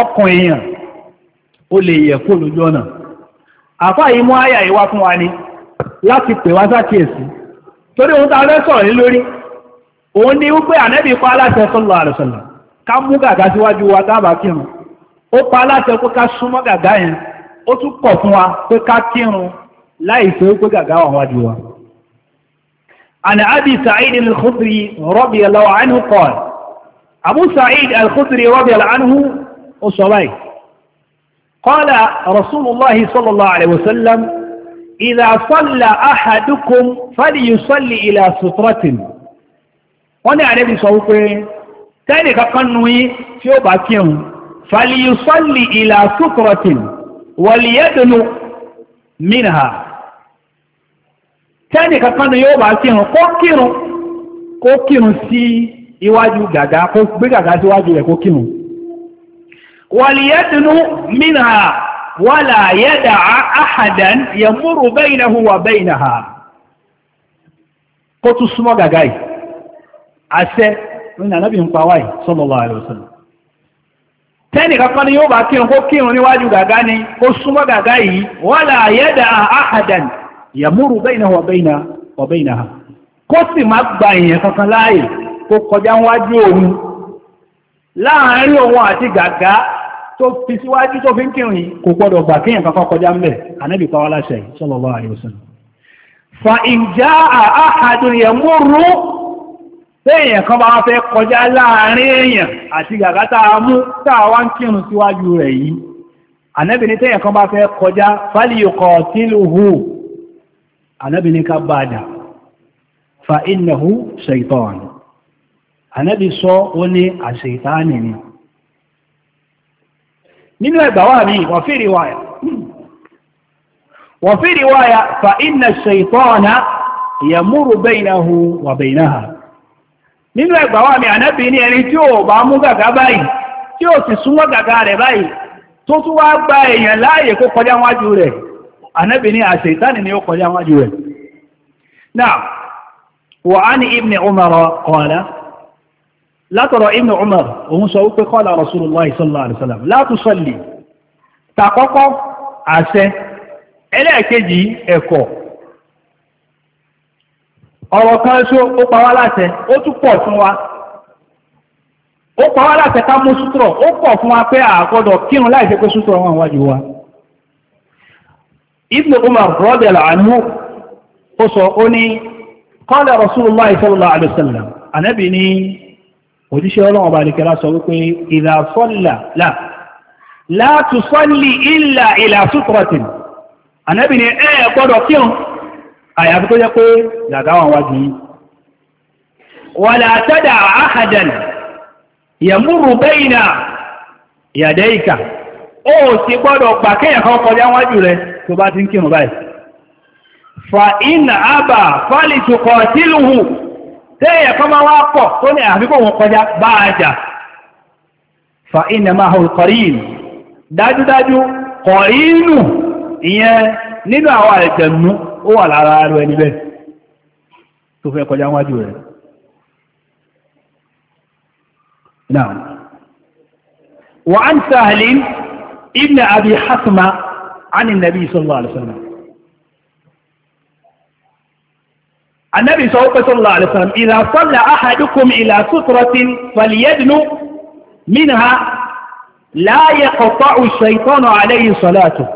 ọkàn èèyàn ó lè yẹ̀ kó lójú ọ̀nà àfáà yìí mú àyà ìwá fún wa ni láti pè wá sákèèsí torí ohun tá a sọ̀rọ̀ lórí òun ni wípé ànábì pa aláṣẹ sallallahu alaihi wasallam ká mú gàgá síwájú wa tábà kírun ó pa aláṣẹ pé ká súnmọ́ gàgá yẹn ó tún kọ̀ fún wa pé ká kírun láì tó pé gàgá wà wájú wa. Àni Abi Sa'id al-Khudri radiyallahu anhu qala. Abu Sa'id al-Khudri radiyallahu anhu ó sọ báyìí. Qala Rasulullahi sallallahu alaihi wasallam idha salla ahadukum falyusalli ila sutratin. Wọ́n ní àrẹ́bí sọ wípé tẹ́lẹ̀ kankan nu yí wal yadnu minha tẹ́nì kankan ni yóò bá kírun kó kírun kó kírun sí iwájú gàgá kó gbé gàgá síwájú rẹ̀ kó kírun wàlìyẹ́dùnú mìíràn wàlà yẹ́dà áhàdàn yẹmúrù bẹ́yìnàhù wà bẹ́yìnàhà kó tún súnmọ́ gàgá yìí àṣẹ nínú ànábì ń pa wáyìí sallallahu tẹ́nì kankan ni yóò bá kírun kó kírun níwájú gàgá ni kó súnmọ́ gàgá yìí áhàdàn yàmúrù bẹ́ẹ̀nà wà bẹ́ẹ̀nà wà bẹ́ẹ̀nà ha kó sì má gba èèyàn kankan láàyè kó kọjá wájú òun láàárín òun àti gàgá tó fi síwájú tó fi ń kírun yìí kò gbọdọ̀ gbà kéèyàn kankan kọjá ń bẹ̀ ànábì pa wá láṣẹ yìí sallallahu alaihi fa in ànábì ní ká bá dà fa innahu shaitan ànábì sọ ó ní àṣeìtáàni ni nínú ẹgbàwà mi wà fi riwaya wà fi riwaya fa inna shaitana yamuru bainahu wa bainaha nínú ẹgbàwà mi ànábì ní ẹni tí ó bá mú gàgá báyìí tí ó sì súnmọ́ gàgá rẹ̀ báyìí tó tún wá gba èèyàn láàyè kó kọjá wájú rẹ̀ Ànábì ní a ni ó kọjá wájú rẹ̀. Now, wa a ni Ibn Umar qala, látọ̀rọ̀ Ibn Umar, òun sọ wípé qala Rasulullah sallallahu alaihi wasallam, ó pa wá mú a láìsẹ́ pé sútúrọ̀ wọn wájú wa. Ibn Umar radiyallahu anhu ó sọ ó ní qala Rasulullah sallallahu alaihi wasallam ànábì ní òjíṣẹ́ ọlọ́run ọba àdìkẹ́lá sọ wípé idha salla là la tusalli illa ila sutratin ànábì ní ẹ̀ gbọ́dọ̀ kírun àyàfi tó jẹ́ pé dàdá wọn wá jù wàlá tadà ahadan ó sì gbọ́dọ̀ gbà kéèyàn kan kọjá wájú rẹ̀ tó bá ti ń kírun báyìí fa iná àbà fálì tukọ̀ sílùú téèyàn kan máa wá pọ̀ tó ní àfikún wọn kọjá bá a jà fa iná máa hàn kọ̀rìn dájúdájú kọ̀rínù ìyẹn nínú àwọn àìjẹ̀mú ó wà lára ابن أبي حسمة عن النبي صلى الله عليه وسلم النبي صلى الله عليه وسلم إذا صلى أحدكم إلى سترة فليدنو منها لا يقطع الشيطان عليه صلاته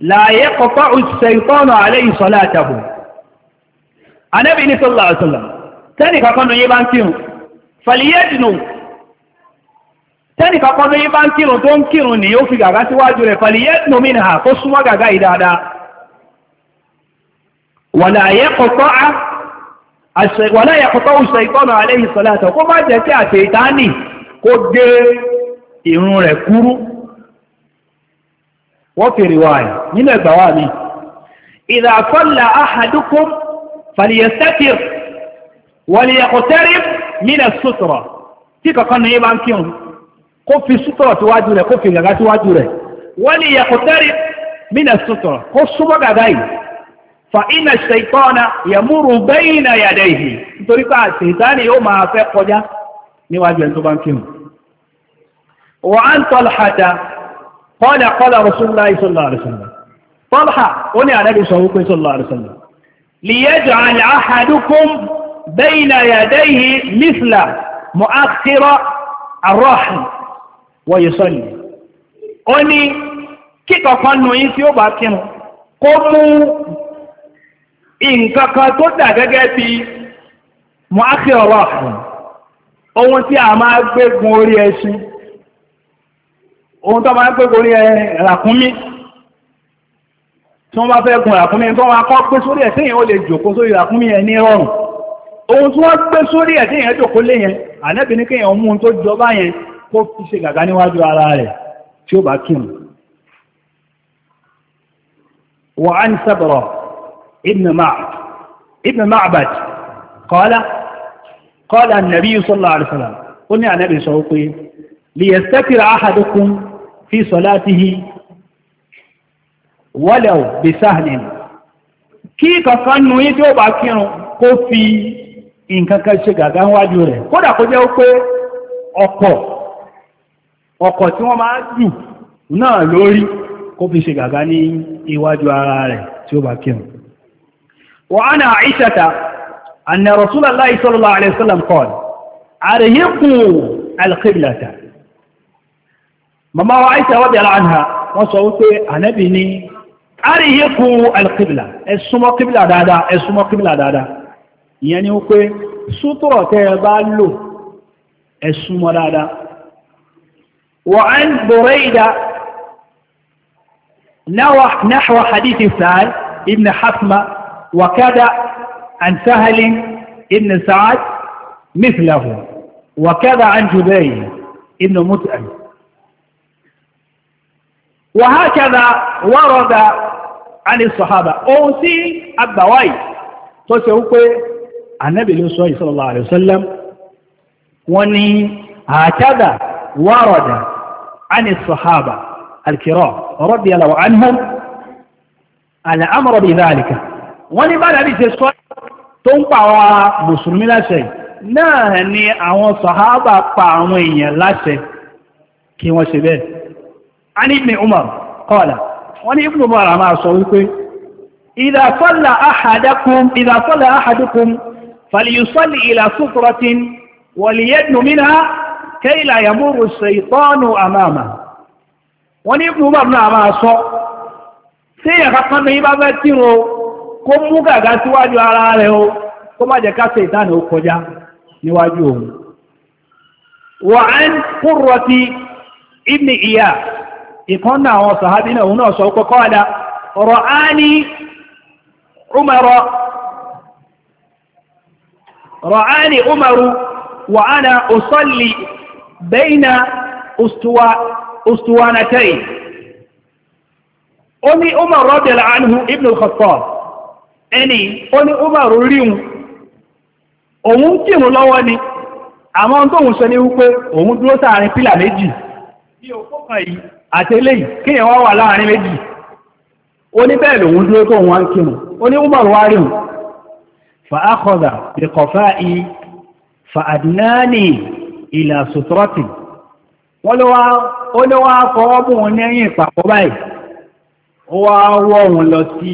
لا يقطع الشيطان عليه صلاته النبي صلى الله عليه وسلم تاني كقانو يبان كيو فليدنو tẹ́nì kankan tó yí bá ń kírun tó ń kírun ní ó fi gàgá síwájú rẹ̀ pẹ̀lú yẹ́ nomin ha tó súnmọ́ gàgá yìí dáadáa wàlá ẹ̀kọ́tọ́ òṣè ìtọ́nà aléyìí sọ́látọ̀ kó má jẹ́ sí àti ìtánì kó gé ìrun rẹ̀ kúrú wọ́n fi rí nínú ẹgbà wà ní ìdá sọ́lá kó fi sútọ̀rọ̀ síwájú rẹ̀ kó fi gàgá síwájú rẹ̀ wọ́n ní yẹ̀kùtẹ́rì mínà sútọ̀rọ̀ kó súnmọ́ gàgá yìí fa iná ṣètọ́nà yẹ̀múrù bẹ́yìnà yàdẹ̀ yìí nítorí pé àṣìtánì yóò máa fẹ́ kọjá níwájú ẹni tó bá ń kírun. wọ́n á ń tọ́lá hàdá kọ́lá kọ́lá wọ́n yóò sọ́lì ó ní kíkọ̀kan nù yín tí ó bá kírun kó mú nǹkan kan tó dà gẹ́gẹ́ bí mọ́ákẹ́ ọ̀rọ̀ ohun tí a máa gbégun orí ẹṣin ohun tó máa gbégun orí ràkúnmí tí wọ́n bá fẹ́ gun ràkúnmí tó wọ́n akọ́ pé sórí ẹ̀sìn yẹn ó lè jòkó sórí ràkúnmí yẹn ní rọrùn ohun tí wọ́n gbé sórí ẹ̀sìn yẹn jòkó lé ànẹ́bìnrin kéèyàn mú un tó jọba yẹn kó fi ṣe gàgá níwájú ara rẹ̀ tí ó bá kírun wà á ní Sabra ibn Ma'bad qala qala an-nabiy sallallahu alaihi wasallam ó ní ànábì sọ pé liyastatira ahadukum fi salatihi walaw bi sahnin kí kankan nù yí tí ó bá kírun kó fi nǹkan ṣe gàgá wájú rẹ̀ kódà kó jẹ́ pé ọ̀pọ̀ ọkọ̀ tí wọ́n máa jù náà lórí kó fi ṣe gàgá ní iwájú ara rẹ̀ tí ó bá kírùn wa ana aishata anna rasulallah sallallahu alaihi wasallam qala arihiqu alqiblata mama wa aisha radiyallahu anha wọ́n sọ wípé ànábì ní arihiqu alqibla ẹ ìyẹn ni wípé sútúrọ̀ tẹ́ bá lò ẹ dáadáa وعن بريدة نحو حديث سعد ابن حسمة وكذا عن سهل ابن سعد مثله وكذا عن جبير ابن متأم وهكذا ورد عن الصحابة أوسي الدواي فسوف النبي صلى الله عليه وسلم وني هكذا ورد عن الصحابة الكرام رضي الله عنهم الأمر بذلك ولما نبي سيسوى تنقى مسلمين لا شيء náà ni àwọn sàhábà pa àwọn èèyàn láṣẹ kí wọ́n ṣe bẹ́ẹ̀. a ní ibn umar qala wọ́n ní ibn umar a máa sọ wípé idha salla ahadukum idha salla ahadukum falyusalli ila sutratin waliyadnu minha kéìlà yàmúrù ṣèitọ́nù àmàmà wọ́n ní ìbùnú bàbá náà máa sọ tí èèyàn kankan ní bá fẹ́ tí o kó mú gàgá síwájú ara rẹ̀ o kó má jẹ́ ká ṣe ìtàn ó kọjá níwájú òun wà ń kúrò ti ibni ìyá ìkan náà àwọn sàhábí náà òun sọ pé kọ́ọ̀dà rọ̀ á umaru wà á na bẹ́yìnà ustuwanatai ó ní umar rọ́dẹ̀lá anhu ibn al-khattab ẹni ó ní umar ríun òun kírun ni àmọ́ tó ń sọ ní wípé òun dúró sáàrin pílà méjì bí òkú kan yìí àti eléyìí kíyàn wá wà láàrin méjì ó ìlà sùtúrọ́tì wọ́n ló wá ó ló wá fọwọ́ bù wọn lẹ́yìn ìpàpọ̀ báyìí ó wá wọ́ wọn lọ sí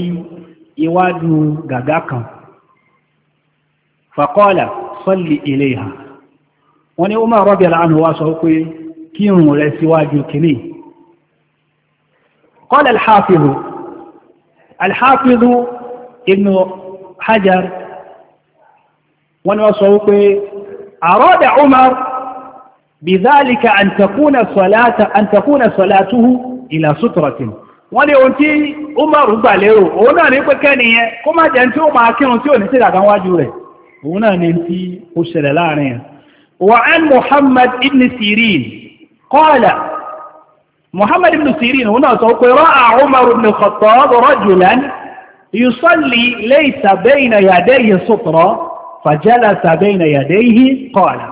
iwájú gàgá kan fàkọ́ọ̀là sọ́lì ilé ìhà wọ́n ní Umar radiyallahu anhu wá sọ pé kírun rẹ̀ síwájú kìíní قال الحافظ الحافظ ابن حجر ونوصوك أراد عمر بذلك أن تكون صلاة أن تكون صلاته إلى سترة wọ́n ní ohun tí umaru gbà lérò òun náà ní pé kẹ́niyẹn kó má jẹ́ tí ó máa kírun tí ò ní sídà kan wájú rẹ̀ òun náà ní tí ó ṣẹlẹ̀ láàrin ẹ̀ wà án muhammad ibn sirin qala muhammad ibn sirin òun náà sọ pé ra'a umaru ibn khattab rajulan yusalli laysa bayna yadayhi sutra fajalasa bayna yadayhi qala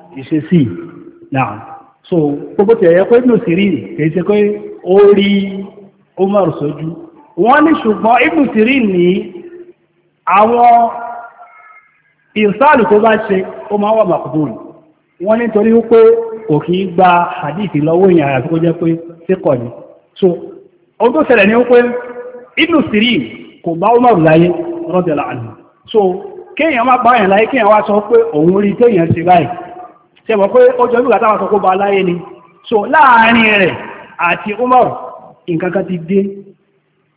ìṣesí náà so gbogbo tí ẹ̀yẹ pé Ibn Sirin kìí ṣe pé ó rí Umar sójú wọ́n ní ṣùgbọ́n Ibn Sirin ní àwọn ìsáàlù tó bá ṣe ó máa wà maqbul wọ́n nítorí wípé kò kí ń gba hadith lọ́wọ́ èèyàn àti kó jẹ́ pé síkọ̀ ni so ohun tó ṣẹlẹ̀ ní wípé Ibn Sirin kò bá láyé so kéèyàn má báyàn láyé kéèyàn wá sọ pé òun rí téèyàn ṣe ṣe mọ̀ pé ó jọ nígbà táwọn àkọ́kọ́ bá láyé ni so láàárín rẹ̀ àti Umar nǹkan kan ti dé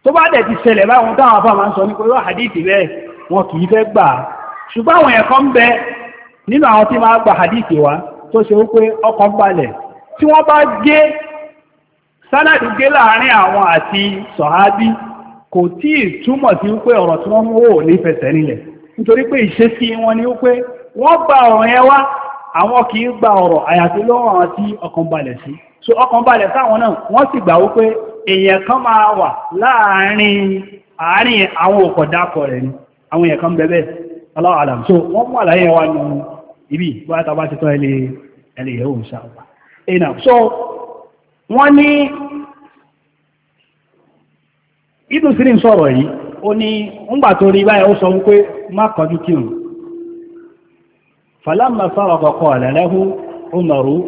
tó bá dẹ̀ ti ṣẹlẹ̀ báwọn táwọn afá máa ń sọ ní pé wọ́n hadith bẹ́ẹ̀ fẹ́ gbà ṣùgbọ́n àwọn ẹ̀kọ́ ń bẹ wa tó ṣe wípé ọkàn balẹ̀ tí wọ́n bá gé sánàdì gé láàárín àwọn àti sọ̀hábí kò tí ì túmọ̀ sí wípé ọ̀rọ̀ tí wọ́n mú wò ní fẹsẹ̀ nílẹ̀ wọ́n gba ọ̀rọ̀ yẹn wá àwọn kì í gba ọ̀rọ̀ àyàfi lọ́wọ́ àwọn tí ọkàn balẹ̀ sí so ọkàn balẹ̀ sáwọn náà wọ́n sì gbà wípé èyàn kan máa wà láàárín àárín àwọn òkọ̀dákọ̀ rẹ̀ ni àwọn èyàn kan bẹ̀bẹ̀ Allahu falamma faraga qala lahu umaru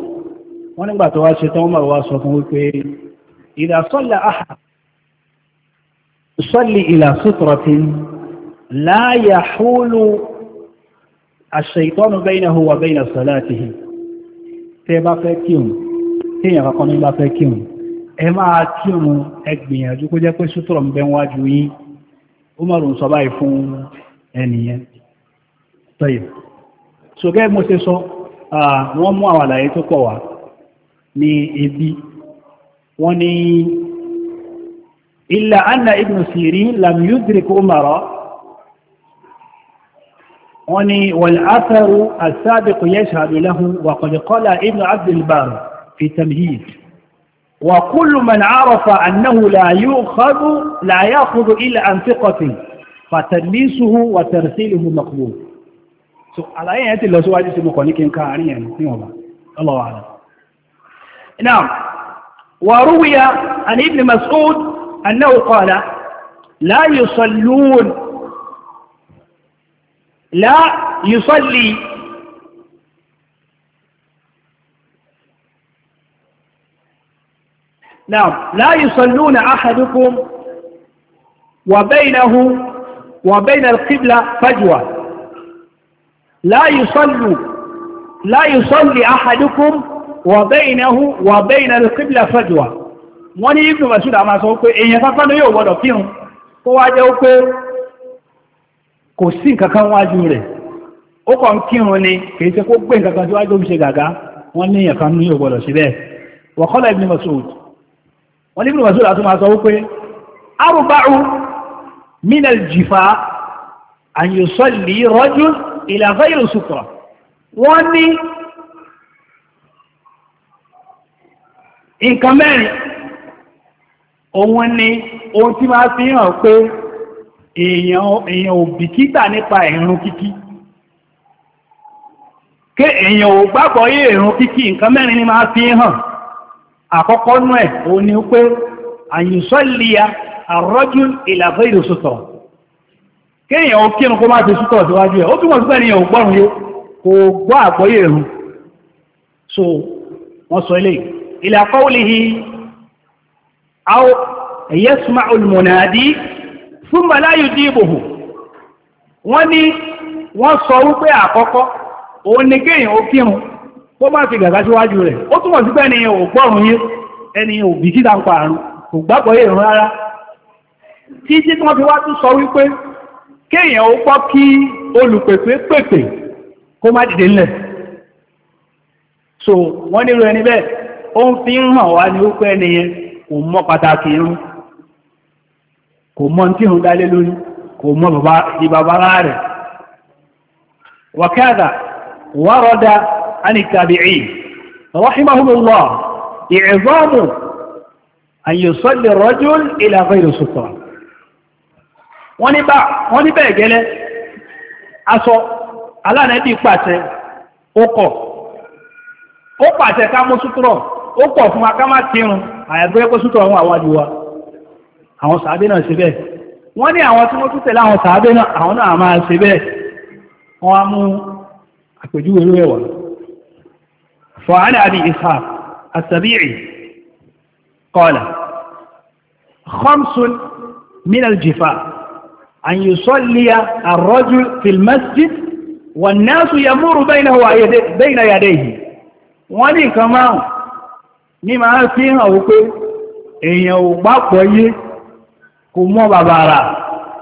wọ́n nígbà tó wá ṣe tán umaru wá sọ fún wípé idha salla ahad yusalli ila sitratin la yahulu ash-shaytanu baynahu wa bayna salatihi tẹ́ bá fẹ́ kíhùn tí èèyàn kankan ní bá fẹ́ kíhùn ẹ máa kíhùn ẹ kó jẹ́ pé sútúrọ̀ ń bẹ wájú yín umaru ń sọ báyìí fún ẹnìyẹn so gẹ́gẹ́ mo ṣe sọ wọ́n mú àwọn àlàyé tó pọ̀ wá ní ibi wọ́n ní illa anna ibn sirin lam yudrik umara wọ́n ní wal atharu as-sabiq yashhadu lahu wa qad qala ibn abd al-bar fi tamhid وكل من عرف أنه لا يؤخذ لا يأخذ إلا عن so àlàyé yẹn ti lọ síwájú sí mọ́kànlí kí n ká àárín وروي عن ابن مسعود أنه قال لا يصلون لا يصلي نعم لا يصلون أحدكم وبينه وبين القبلة فجوة لا يصلي لا يصلي أحدكم وبينه وبين القبلة فجوة wọ́n ní ibùn masúdà máa sọ pé èyàn sáfánà yóò wọ́dọ̀ fíhun kó wá jẹ́ pé kò sí nǹkankan wájú rẹ̀ ó kọ̀ ń kírun ni kìí ṣe kó gbé nǹkankan síwájú ó fi an yusalli rajul ìlà ghayri sutra wọ́n ní nǹkan mẹ́rin òun ni ohun tí máa fi hàn pé èèyàn ò bìkítà nípa ìrun kíkí ké èèyàn ò gbàgbọ́ yé ìrun kíkí nǹkan mẹ́rin ni máa fi hàn àkọ́kọ́ nú ẹ̀ òun ni pé àyùsọ́lìyà àrọ́jú ìlà ghayri kéèyàn ó kírun kó má ti sútọ̀ síwájú ẹ̀ ó túnmọ̀ sí pẹ́ni ò gbọ́rùn yóò kò gbọ́ so wọ́n sọ ilé ila qawlihi aw yasma'u al-munadi thumma la yujibuhu wọ́n ní wọ́n sọ wípé àkọ́kọ́ òun ni kéèyàn ó kírun kó má fi gàgá síwájú rẹ̀ ó túnmọ̀ sí yóò ẹni kéèyàn ó pọ́ kí olùpèpè pèpè kó má dìde ńlẹ̀ so wọ́n nílò ẹni bẹ́ẹ̀ ó ń fi ń hàn wá ní ó pẹ́ ẹni yẹn kò mọ̀ pàtàkì irun kò mọ̀ tí òun dálé lórí kò mọ̀ di bàbá rẹ̀ wàkádà wárọ́dá anìtàbíì rahimahumullah ìrẹ̀zọ́mù an yusalli rajul ila ghayri sutra wọ́n ní bá wọ́n ní bẹ́ẹ̀ gẹ́lẹ́ aṣọ alánẹ́bí pàṣẹ ó kọ̀ ó pàṣẹ ká mú sútúrọ̀ ó pọ̀ fún wa ká má kírun àyàgbẹ́ sútúrọ̀ wọn àwọn àdìwà àwọn sàábé náà ṣe bẹ́ẹ̀ wọ́n ní àwọn tí wọ́n tún tẹ̀lé أن يصلي الرجل في المسجد والناس يمر بينه بين يديه wọ́n ní nǹkan márùn ní máa fi hàn wípé èèyàn ò gbàpọ̀ yé kò mọ́ bàbàrà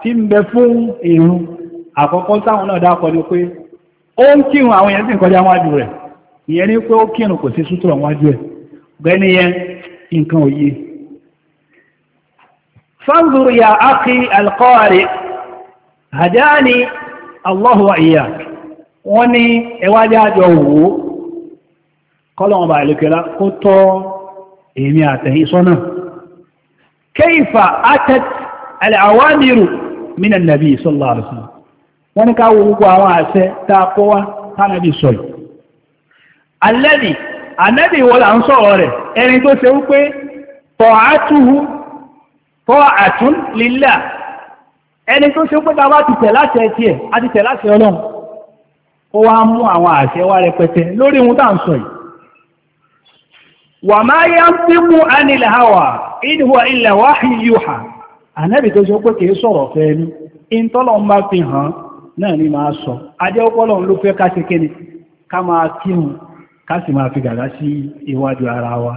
tí ń bẹ fún ìrun àkọ́kọ́ táwọn náà dákọ̀ ní pé ó ń kírun àwọn èèyàn sì ń wájú rẹ̀ ìyẹn ní pé ó kírun kò sí sútúrọ̀ wájú ẹ̀ gbẹ́ni yẹn nǹkan òye hadani allahu wa iyak wọ́n ní ẹwájá àjọ wò kọ́lọ̀wọ̀n bá ìlúkẹ́lá kó tọ́ emi àtẹ̀yìn sọ́nà kayfa atat al'awamiru minan nabi sallallahu alaihi wasallam wọ́n ní ká wo gbogbo àwọn ta tá a kó wá tánàbí sọ̀rọ̀ alẹ́bì anẹ́bì wọ́la ń sọ̀rọ̀ to ẹni tó ṣe ẹni tó ṣe pẹ́ta wá ti tẹ̀ láti ẹ̀tí ẹ̀ a ti tẹ̀ láti ọlọ́run ó wá mú àwọn àṣẹ wá rẹpẹtẹ lórí ohun tá ń sọ yìí wà máa yá ń tí mú anil hawa in huwa illa wahyu yuha ànábì tó ṣe pé sọ adé ọpọlọ ló fẹ́ ká ṣe ká máa ká sì máa fi gàgá sí iwájú ara wa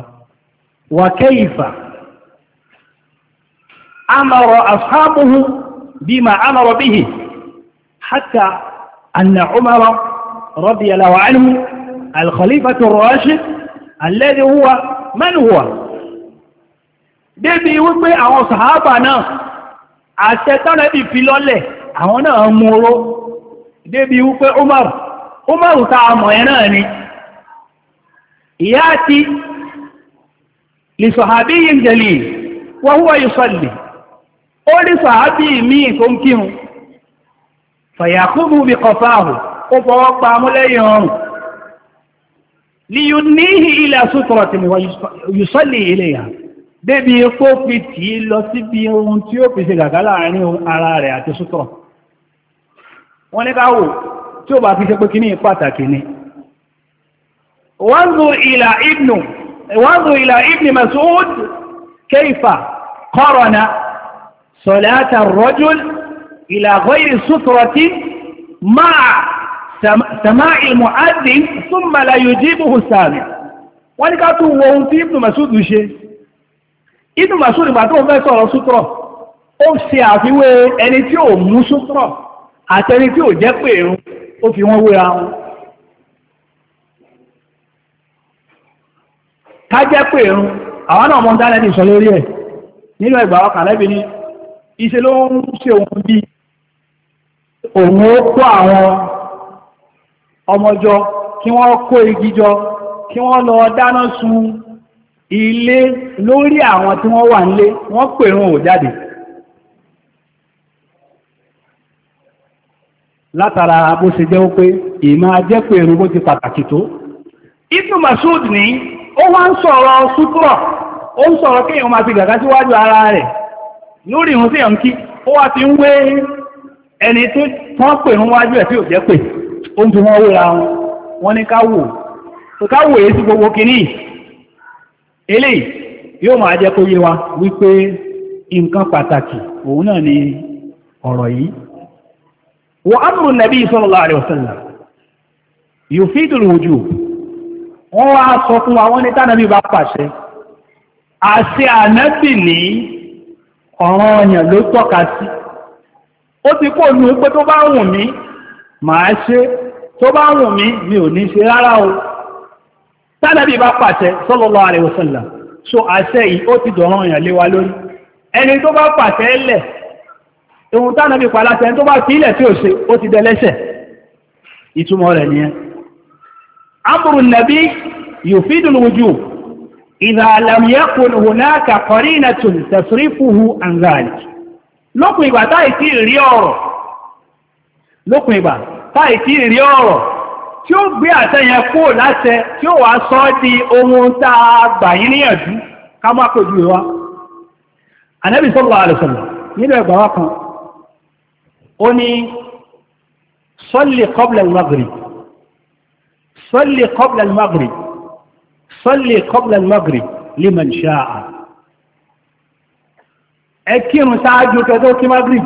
wà kẹ́yìfà بما أمر به حتى أن عمر رضي الله عنه الخليفة الراشد الذي هو من هو débi wípé àwọn sàhábà náà àtẹ́tọ́rẹ́ bí fi lọ́lẹ̀ àwọn náà mú oró débi wípé Umar Umar ta àmọ̀ ẹ̀ náà ni ìyá ti lè sọ̀hábí yìí jẹ́lì wọ́n huwa yusalli ó rí sàábì míì tó ń kírun fàyàkùnmù bí kọfáàhù ó fọwọ́ pa amúlẹ́yìn ọrùn líyún níhì ilẹ̀ asútọ̀rọ̀ tì ní yùsọ́lì ilẹ̀ yà débi kó fi tì í lọ síbi ohun tí ó fi ṣe gàgá láàrin ara rẹ̀ àti sútọ̀rọ̀ wọ́n ní káwò tí ó bá fi ṣe pé kí ní pàtàkì ni wọ́n zo ilà ibnu mas'ud kayfa qarana صلاة الرجل إلى غير سترة مع سماع المؤذن ثم لا يجيبه السامع wọ́n ní ká tún wo ohun tí Ibn Masud ṣe Ibn Masud ìgbà tó ń fẹ́ sọ̀rọ̀ sútúrọ̀ ó ṣe àfiwé ẹni tí ò mú sútúrọ̀ àti ẹni tí ò jẹ́ pé èrún ó fi wọ́n wéra wọn ká jẹ́ pé èrún àwọn náà mọ́ dálẹ́ iṣẹ́ ló ń ṣe òun bí òun ó kó àwọn ọmọjọ kí wọ́n kó igi jọ kí wọ́n lọ dáná sun ilé lórí àwọn tí wọ́n wà nílé wọ́n pèrún ò jáde látara bó ṣe jẹ́ wípé ìmá jẹ́ pèrún bó ti pàtàkì tó Ibn Mas'ud ní ó wá ń sọ̀rọ̀ sútúrọ̀ ó ń sọ̀rọ̀ kéèyàn máa fi gàgá síwájú ara rẹ̀ lórí ìrun sí ẹ̀ǹkí ó wá ti ń wé ẹni tó tán pè ń wájú ẹ̀ tí ò jẹ́ pè ó ń fi wọ́n wúra wọn wọ́n ní káwò tó káwò èyí sí gbogbo kìíní eléyìí yóò máa jẹ́ kó yé wa wípé nǹkan pàtàkì òun náà ni ọ̀rọ̀ yìí wọ́n amúrù nàbí sallallahu alaihi wasallam yufidul wujub wọ́n wá sọ fún wa wọ́n ní tánàbí bá pàṣẹ àṣẹ ànábì nìí ọ̀ràn ọ̀yàn ló tọ́ka sí ó ti kó ní pé tó bá wù mí màá ṣe tó bá wù mí mi ò ní ṣe rárá o tánàbí bá pàṣẹ sallallahu alaihi wasallam so àṣẹ yìí ó ti dọ̀ràn ọ̀yàn lé wa lórí ẹni tó bá pàṣẹ lẹ̀ ohun tánàbí pàláṣẹ tó bá fi ilẹ̀ tí ò ṣe ó ti dẹlẹ́ṣẹ̀ ìtumọ̀ rẹ̀ nìyẹn amru nabi yufidul wujub إذا لم يكن هناك قرينة تصرفه عن ذلك lókùn ìgbà táì tí rí ọ̀rọ̀ lókùn ìgbà táì tí rí ọ̀rọ̀ tí ó gbé àtẹ́yẹn kó láṣẹ tí ó wà sọ di ohun tá a gbà yín níyànjú ká má pè jù wá Ànábì sallallahu alaihi nínú ẹgbà wá kan ó ní salli qabla al-maghrib salli qabla sọ́lẹ̀ kọ́bùlẹ̀ maghrib liman sha'a ẹkírun ṣáájú kẹtó kí maghrib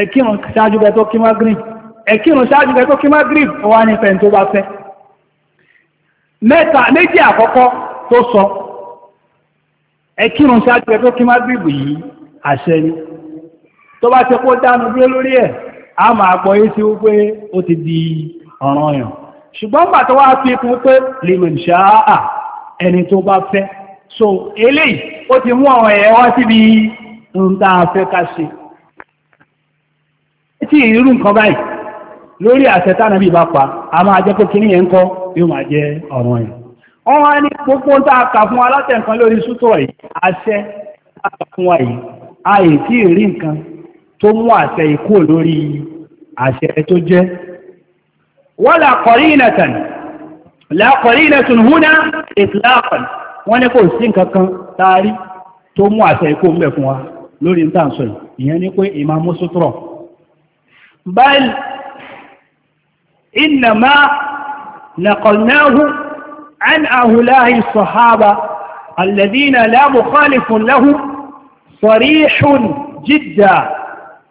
ẹkírun ṣáájú kẹtó kí maghrib ẹkírun ṣáájú kẹtó kí maghrib wà ní fẹ́ tó bá fẹ́ mẹ́ta méjì àkọ́kọ́ tó sọ ẹkírun ṣáájú kẹtó kí maghrib yìí àṣẹ ni tó bá ṣe kó dánú bí lórí ẹ̀ a máa gbọ́ yé sí wípé ó ti di ọ̀ranyàn ṣùgbọ́n gbà tó wá fi kún pé liman sha'a ẹni tó bá fẹ́ so eléyìí ó ti mú àwọn ẹ̀yẹ wá síbi ń tá a fẹ́ ká ṣe tí irú nǹkan báyìí lórí àṣẹ tánàbí bá pa a máa jẹ́ pé kíní yẹn kọ́ yóò máa jẹ́ ọ̀ràn yẹn wọ́n wá ní gbogbo tá a kà fún alátẹ̀ nǹkan lórí sútọ̀ yìí àṣẹ tá a kà fún wa yìí a yìí tí ì rí nǹkan tó mú àṣẹ ìkó lórí àṣẹ tó jẹ́ ولا قرينة لا قرينة هنا إطلاقا وانا يقول سنك كان تاري تموى سيكون بفوا لوري انتان يعني يقول إمام سترو بل إنما نقلناه عن أهلاه الصحابة الذين لا مخالف لهم صريح جدا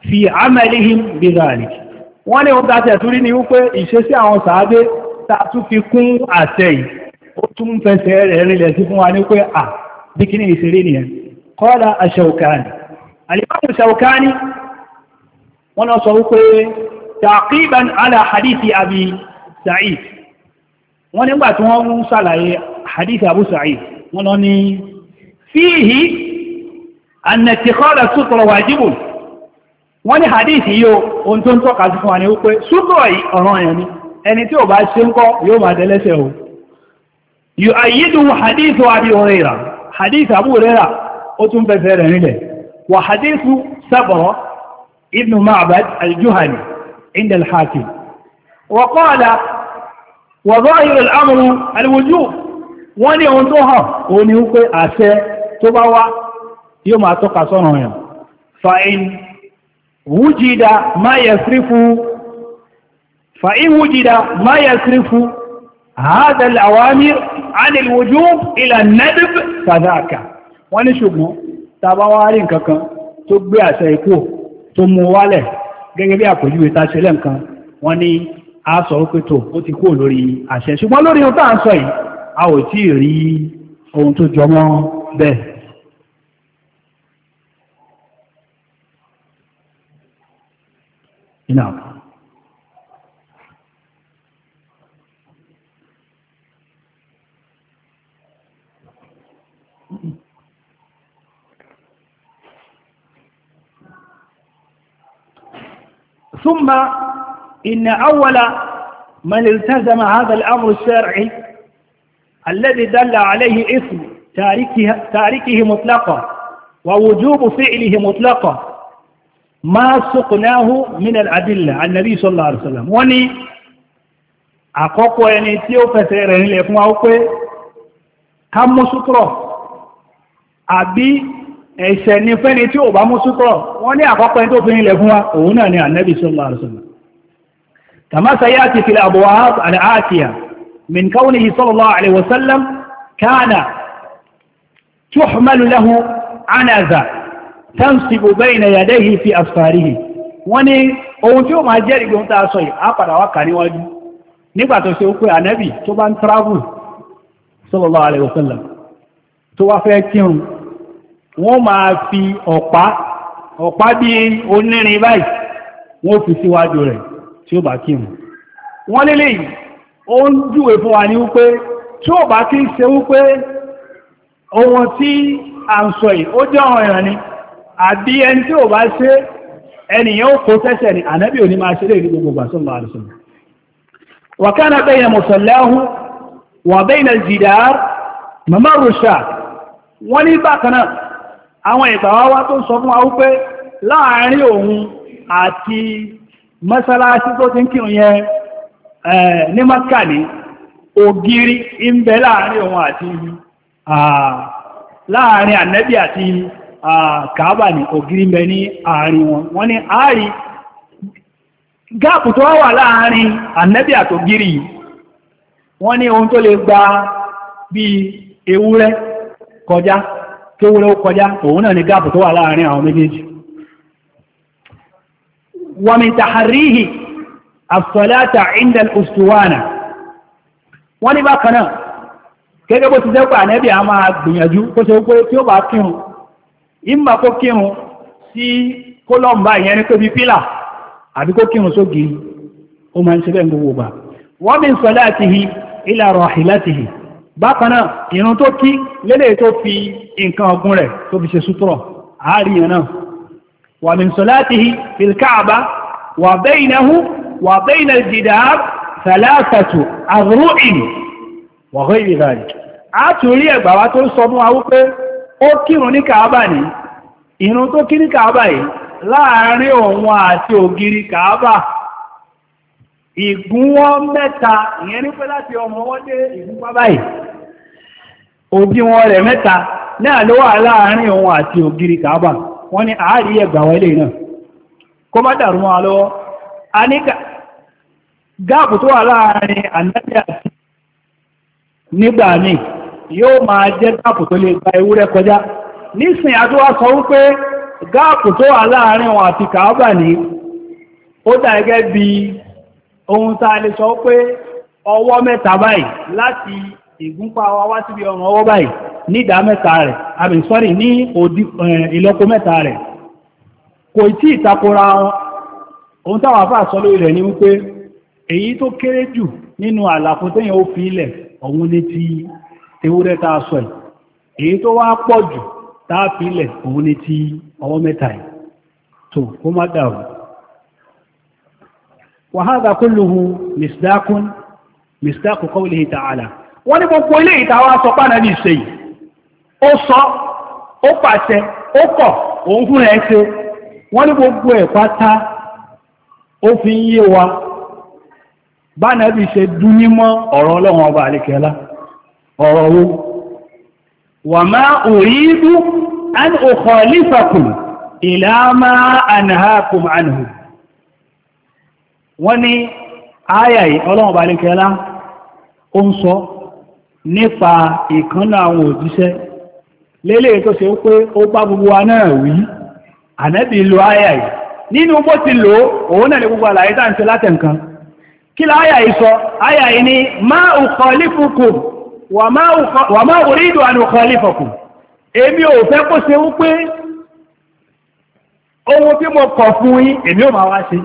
في عملهم بذلك wọ́n ní wọ́n tàṣẹ̀ tó rí ní wípé ìṣesí àwọn sàádé tààtú fi kún àṣẹ yìí ó tún fẹsẹ̀ rẹ̀ rinlẹ̀ sí fún wa ní pé à bí kí ní ìṣeré nìyẹn kọ́lá aṣàukani alimamu aṣàukani wọ́n lọ sọ wípé wọ́n ní hadithi yóò ohun tó ń tọ́ka sí fún wa ní wípé ṣúgbọ́ ọ̀ràn èèyàn ni ẹni tí ò bá ṣe ń kọ́ yóò máa dẹ́lẹ́ṣẹ̀ o yóò àyídù hadithu abi Hurairah hadith Abu Hurairah ó tún fẹ́fẹ́ rẹ̀ nílẹ̀ wà hadithu Sabra ibn Ma'bad al wujida ma yasrifu فإن وجد ما يصرف هذا الأوامر عن الوجوب إلى الندب فذاك wọ́n ní ṣùgbọ́n tàbá wá rí nǹkankan tó gbé àṣẹ ikú tó mú wálẹ̀ gẹ́gẹ́ bí àpòjúwe ta ṣe lẹ́nkan wọ́n ní a sọ ó pẹ́tò ó ti kú lórí àṣẹ ṣùgbọ́n lórí ohun tá à ń a ò tí ì ohun tó jọmọ́ bẹ́ẹ̀ نعم ثم إن أول من التزم هذا الأمر الشرعي الذي دل عليه اسم تاركه, تاركه مطلقا ووجوب فعله مطلقا ما سقناه من الأدلة عن النبي صلى الله عليه وسلم وني أقوكو يعني تيو فسيرين يعني لكم أوكو كم مسطرة أبي فين فني تيو بمسطرة وني أقوكو يعني تيو فني لكم هنا يعني عن النبي صلى الله عليه وسلم كما سيأتي في الأبواب الآتية من كونه صلى الله عليه وسلم كان تحمل له عنازة tansibu bayna yadayhi fi asfarihi wọ́n ní ohun tí ó máa jẹ́ ìgbóhun tàà sọ yìí á padà wá kà níwájú nígbà tó ṣe ó pé ànábì tó bá ń travel sallallahu alaihi wasallam tó wá fẹ́ kírun wọ́n máa fi ọ̀pá ọ̀pá bí onírin báyìí wọ́n fi síwájú rẹ̀ tí ó bá kírun wọ́n lélẹ̀ yìí ó ń júwe fún wa ní wípé tí ó bá kí ń ṣe wípé ohun tí à ń sọ yìí ó jẹ́ ọ̀ràn ni àbí ẹni tí ò bá ṣe ẹnìyàn ó kó tẹ́sẹ̀ ni ànábì ò ní máa ṣe léèrè gbogbo gbà sọ́lọ́ àrùsọ̀lọ́ wà kánà bayna musallahu wà bayna jìdár mama rusha wọ́n ní bákan náà àwọn ìgbàwá wá tó sọ fún wa wípé láàárín òun àti mọ́sálásí tó ti ń kírun yẹn ní mọ́kà ògiri ń bẹ láàárín òun àti láàárín ànábì àti kàábà ní ògiri mẹ́ ní àárín wọn wọ́n ní àárín gáàpù tó wà láàárín ànẹ́bí àtògiri wọ́n ní ohun tó lè gba bí ewúrẹ́ kọjá tó wúrẹ́ kọjá òun náà ní gáàpù tó wà láàárín àwọn méjèèjì ومن تحريه الصلاة عند الأسطوانة wọ́n ní bákanáà gẹ́gẹ́ bó ti jẹ́ pà nẹ́bí a máa gbìyànjú kó ṣe ó pé tí ó bá kírùn ìmà kó kírun sí kólọ́mbà ìyẹn ní pébí pílà àbí kó kírun sógi ó máa ń ṣe bẹ́ẹ̀ gbogbo gbà wa min salatihi ila rahilatihi bákan náà ìrun tó kí lélẹ̀ tó fi nǹkan ọ̀gùn rẹ̀ tó fi ṣe sútúrọ̀ àárín yẹn náà wa min salatihi sọ fún ó kírun ní kàábà ní ìrùn tó kí ní kàábà yìí láàárín òun àti ògiri kàábà ìgúnwọ́ mẹ́ta ìyẹn ní pé láti ọmọ wọ́n dé ìgúnpá báyìí òdiwọ̀n rẹ̀ mẹ́ta náà ló wà láàárín òun àti ògiri kàábà wọ́n àárí ẹgbà wọlé náà kó má dàrú wọn lọ́wọ́ yóò máa jẹ́ gáàpù tó lè gba ewúrẹ́ kọjá nísìn àdúwà sọ wípé gáàpù tó wà láàrin wọn àti kàábà ní ó dà bí ohun taa lè sọ pé ọwọ́ mẹ́ta báyìí láti ìgúnpá wa wá síbi ọrùn ọwọ́ báyìí ní ìdá mẹ́ta rẹ̀ eh, kò tí ìtakora sọ lórí ni wípé èyí tó kéré jù nínú àlàfo ó fi ilẹ̀ ewúrẹ́ tá a sọ ẹ̀ èyí tó wá pọ̀ jù fi ilẹ̀ òun ni ti ọwọ́ mẹ́ta yìí tó kó má dàrú wàhálà kulluhu misdakun misdakun qawlihi ta'ala wọ́n ní gbogbo ilé ìtawà sọ pàdà ní ìṣe yìí ó sọ ó pàṣẹ ó kọ̀ òun fún ẹ̀ ṣe wọ́n ní gbogbo ẹ̀ pátá ó fi ń yé wa bánàbí ṣe dún nímọ́ ọ̀rọ̀ ọlọ́run ọba àlekẹ́lá ọ̀rọ̀ owó wà máa uridu an ukhalifakum ila ma anhaakum anhu wọ́n ní ayà yìí ọlọ́run bá lékẹ́lá ó ń sọ nípa ìkánná àwọn òjíṣẹ́ lélẹ̀ tó ṣe pé ó bá gbogbo wa náà wí ànẹ́bì lo ayà nínú bó ti lò òun náà gbogbo àlàyé ń ṣe látẹ̀ nǹkan kí láyà sọ ayà yìí ni ma ukhalifukum wà máa orí ìdò àni ọ̀kọ̀lẹ́fọ̀kù èmi ò fẹ́ kó ṣe wípé ohun tí mo kọ̀ fún yín èmi ò máa wá ṣe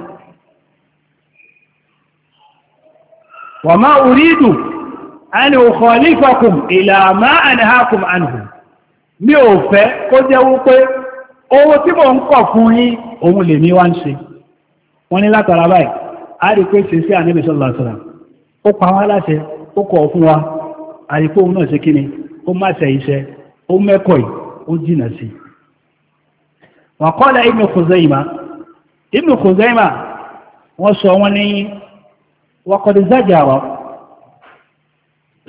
wà máa orí ìdò àni ọ̀kọ̀lẹ́fọ̀kù ìlàmá àníhákùn àníhù mi ò fẹ́ kó jẹ́ wípé ohun tí mo ń kọ̀ fún yín òun lè ní wá ń ṣe wọ́n ní látara báyìí a rí pé ṣe sí àníbẹ̀ṣọ́lọ́sọ́lá ó pa wá láṣẹ ó kọ̀ fún wa àyíkó òun náà ṣe kí ni ó má ṣe iṣẹ́ ó mẹ́kọ̀ yìí ó jìnà sí wa qala Ibn Khuzaymah Ibn Khuzaymah wọ́n sọ wọ́n ní wa qad zajara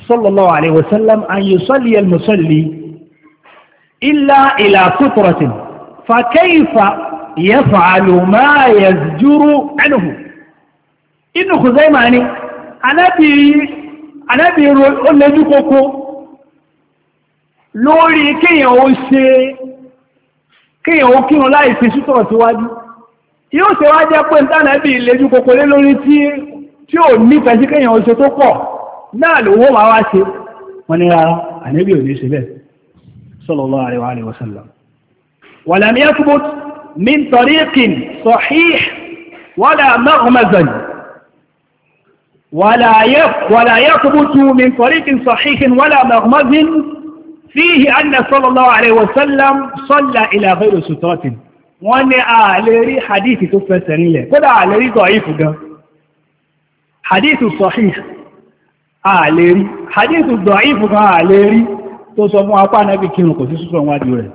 sallallahu alayhi wa sallam an yusalli al-musalli illa ila ànábì ó lẹ́jú kókó lórí kíyàn ó ṣe kíyàn ó kírun láì fi sútọ̀ síwájú yóò ṣe wá jẹ́ pé ìtànàbì lẹ́jú kókó lé lórí tí ò nífẹ̀ẹ́ sí kíyàn ó ṣe tó pọ̀ náà lówó máa wá ṣe wọ́n ní rárá ànábì ò ní ṣe bẹ́ẹ̀ sallallahu alaihi wa ولا يثبت من طريق صحيح ولا مغمز فيه أن صلى الله عليه وسلم صلى إلى غير سترة wọ́n ní àlérí hadithi tó fẹsẹ̀ nílẹ̀ kódà àlérí dọ̀ífù gan hadithu sahih àlérí hadithu dọ̀ífù gan àlérí tó sọ fún apá náàbì kírùn kò sí súnmọ̀ wájú rẹ̀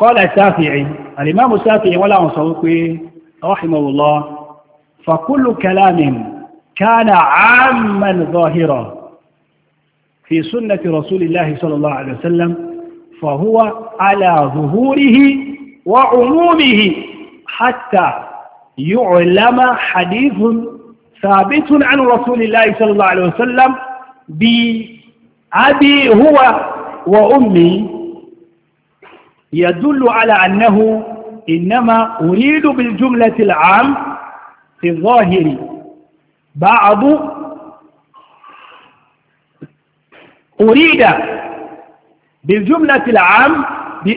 qala Shafi'i al sọ فكل كلام كان عاما ظاهرا في سنة رسول الله صلى الله عليه وسلم فهو على ظهوره وعمومه حتى يعلم حديث ثابت عن رسول الله صلى الله عليه وسلم بأبي هو وأمي يدل على أنه إنما أريد بالجملة العام في الظاهر بعض أريد بالجملة العام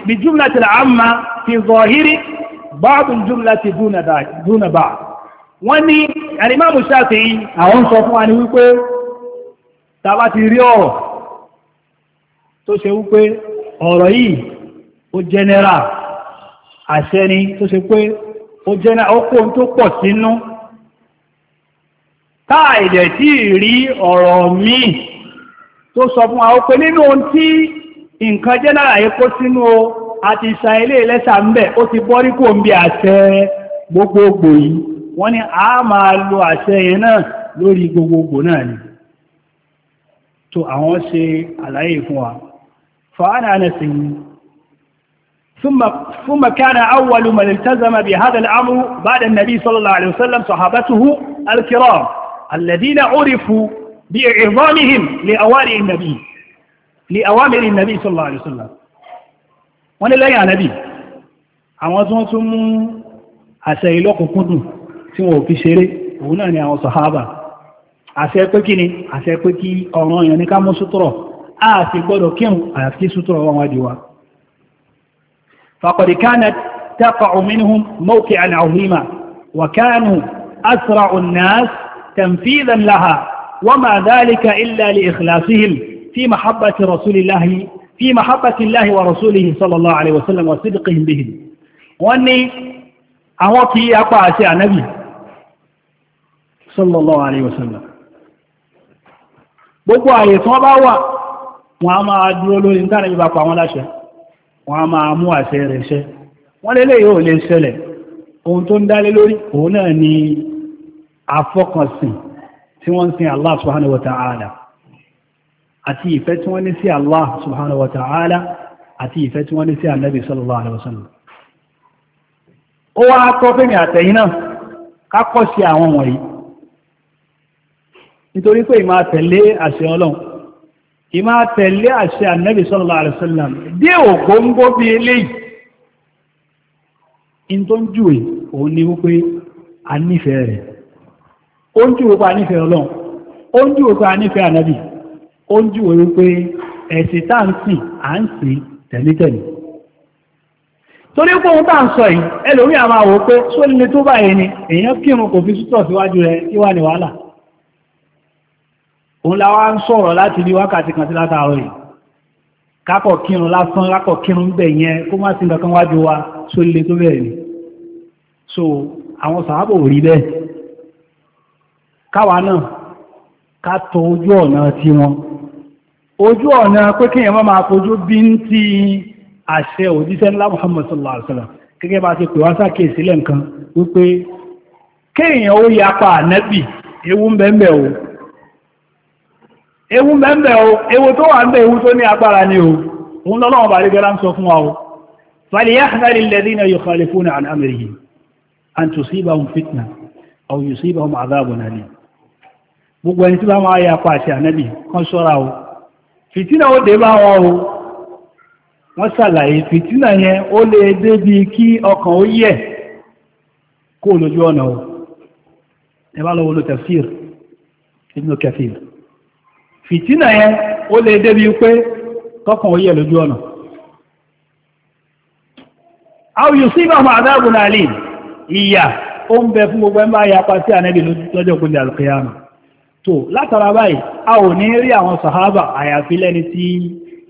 بالجملة العامة في الظاهر بعض الجملة دون دون بعض wọ́n ní alimamu Shafi'i àwọn sọ fún wa ní wípé tàbá ti rí ọ̀rọ̀ tó ṣe wípé ọ̀rọ̀ yìí ó jẹ́nẹ́rà àṣẹ ni tó ṣe pé ó jẹ́nà ọkùn tó pọ̀ sínú táà ìdẹ̀ tí rí ọ̀rọ̀ míì tó sọ fún àwọn pé nínú ohun tí nǹkan jẹ́ lára epo sínú o àti ìṣà ilé ẹlẹ́sà ń bẹ̀ ó ti bọ́rí kò ń bí àṣẹ gbogbogbò yìí wọ́n ní a máa lo àṣẹ yẹn náà lórí gbogbogbò náà ni tó àwọn ṣe àlàyé fún wa fa'ana anasin ثم ثم كان أول من التزم بهذا الأمر بعد النبي صلى الله عليه وسلم صحابته الكرام الذين عرفوا بإعظامهم لأوامر النبي لأوامر النبي صلى الله عليه وسلم wọ́n ní lẹ́yìn ànábì àwọn tó ń tún mú àṣẹ ìlọ́kùnkúndùn tí wọ́n ò fi ṣeré òun náà ni àwọn sọ̀hábà àṣẹ pé kí ni àṣẹ pé kí ọ̀ràn èèyàn ní ká mú sútúrọ̀ a sì gbọ́dọ̀ kírun àyàfi kí wọn wájú wa faqad تنفيذا لها وما ذلك إلا لإخلاصهم في محبة رسول الله في محبة الله ورسوله صلى الله عليه وسلم وصدقهم به واني أوكي أقع سيع نبي صلى الله عليه وسلم بقوا عليه صلى وما عدلوا له الإنسان يبقى ولا شيء وما عموا سيري شيء ولا ليه ليه سيري وانتون دالي لوري هنا ني àfọkànsìn tí wọ́n ń sin Allah subhanahu wa ta'ala àti ìfẹ́ tí wọ́n ní sí Allah subhanahu wa ta'ala àti ìfẹ́ tí wọ́n ní sí Ànábì sallallahu alaihi wasallam ó wá kọ́ fẹ́mi àtẹ̀yìn náà kákọ́ sí àwọn wọ̀nyí nítorí pé ìmá tẹ̀lé àṣẹ Ọlọ́run ìmá tẹ̀lé àṣẹ Ànábì dé ògbóngbó bí eléyìí in tó òun ni wípé a nífẹ̀ẹ́ rẹ̀ ó ń júwò pa nífẹ̀ẹ́ ọlọ́run ó ń júwò pa nífẹ̀ẹ́ ànábì ó ń júwò wípé ẹ̀sìn tá ń sìn à ń sìn tẹ̀lítẹ̀lì torí pé ohun tá ń sọ yìí ẹlòmí àmà wò pé só tó báyìí ni èèyàn kírun kò fi sútọ̀ síwájú rẹ̀ kí wà ní wàhálà òun la wá ń sọ̀rọ̀ láti ní wákàtí kan sí látàárọ̀ yìí kápọ̀ kírun lásán kápọ̀ kírun bẹ̀ yẹn kó má sí nǹkan wájú wa só tó bẹ̀rẹ̀ ni so àwọn sàábò rí bẹ́ẹ̀ káwa náà ká tọ ojú ọ̀nà tí wọn ojú ọ̀nà pé kí èèyàn máa kojú bí ń ti àṣẹ òjíṣẹ́ ńlá Muhammad sallallahu alaihi wasallam gẹ́gẹ́ bá ti pè wá sáké ìsílẹ̀ nǹkan wípé kéèyàn ó yapa ànẹ́bì ewu ń o ewu ń o ewu tó wà ń ewu tó ní agbára ni o òun lọ́lọ́wọ́ bá rí gẹ́lá sọ fún wa o falyahdhari alladhina yukhalifuna an amrihi an tusibahum fitna aw yusibahum adhabun alim gbogbo ẹni tí bá máa yà pa àṣẹ ànẹ́bì kan ṣọ́ra o fìtínà ó dé bá wọn o wọ́n ṣàlàyé fìtínà yẹn ó lè bí kí ọkàn ó yẹ̀ kó lójú ọ̀nà o ẹ bá lọ́wọ́ fìtínà yẹn ó lè bí pé kọ́kàn ó yẹ̀ lójú ọ̀nà ìyà ó ń bẹ fún gbogbo ń bá sí ànẹ́bì lọ́jọ́ gbogbo tó látara báyìí a ò ní rí àwọn sàhábà àyàfi lẹ́ni tí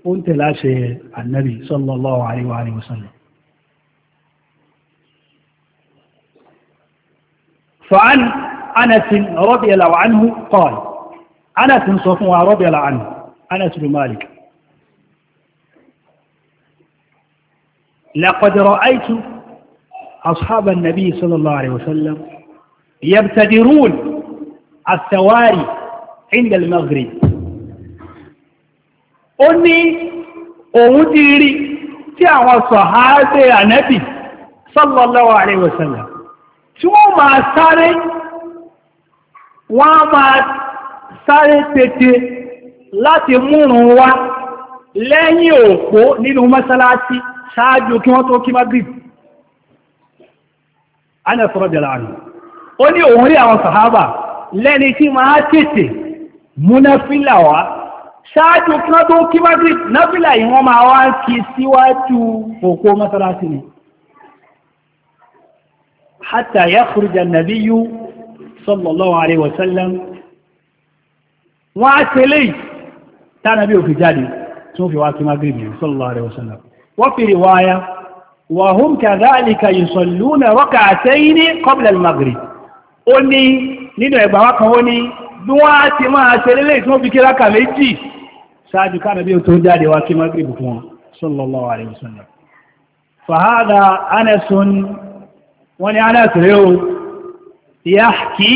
ó ń tẹ̀lé àṣẹ ànábì sallallahu alaihi wa sallam فعن أنس رضي الله عنه قال أنس صفوها رضي الله عنه أنس بن مالك لقد رأيت أصحاب النبي صلى الله عليه وسلم يبتدرون àtẹ̀wárì indal maghrib ó ní òun ti rí tí àwọn sọ̀háábé ànẹ́bì sallallahu alaihi wasallam tí wọ́n máa sáré wọ́n máa sáré tètè láti múrùn wá lẹ́yìn òpó nínú mọ́sálásí ṣáájú kí wọ́n tó kí maghrib ana sọ́rọ̀ jẹ́ láàrin ó ní òun rí àwọn sàhábà lẹ́ni tí máa tètè mú náfílà wá ṣáájú kí wọ́n tó kí madrid náfílà yìí wọ́n máa wá ń kí síwájú òpó mọ́sálásí ni hatta yakhruja an-nabiyyu sallallahu alaihi wasallam wọ́n á ṣe léyìí tánàbí òfin jáde tó fi wá kí madrid ni sallallahu alaihi wasallam wọ́n fi riwaya wa hum kadhalika yusalluna rak'atayn qabla al-maghrib ó ní nínú ẹgbà wá kan ó ní bí wọ́n á ti máa ṣe lélẹ̀ tí wọ́n fi kí rákà méjì ṣáájú kánàbí tó jáde wá kí mágírìbì fún wọn sallallahu alaihi wasallam fàhádà anẹ́sùn wọ́n ni anẹ́sùrẹ́ o ìyá kí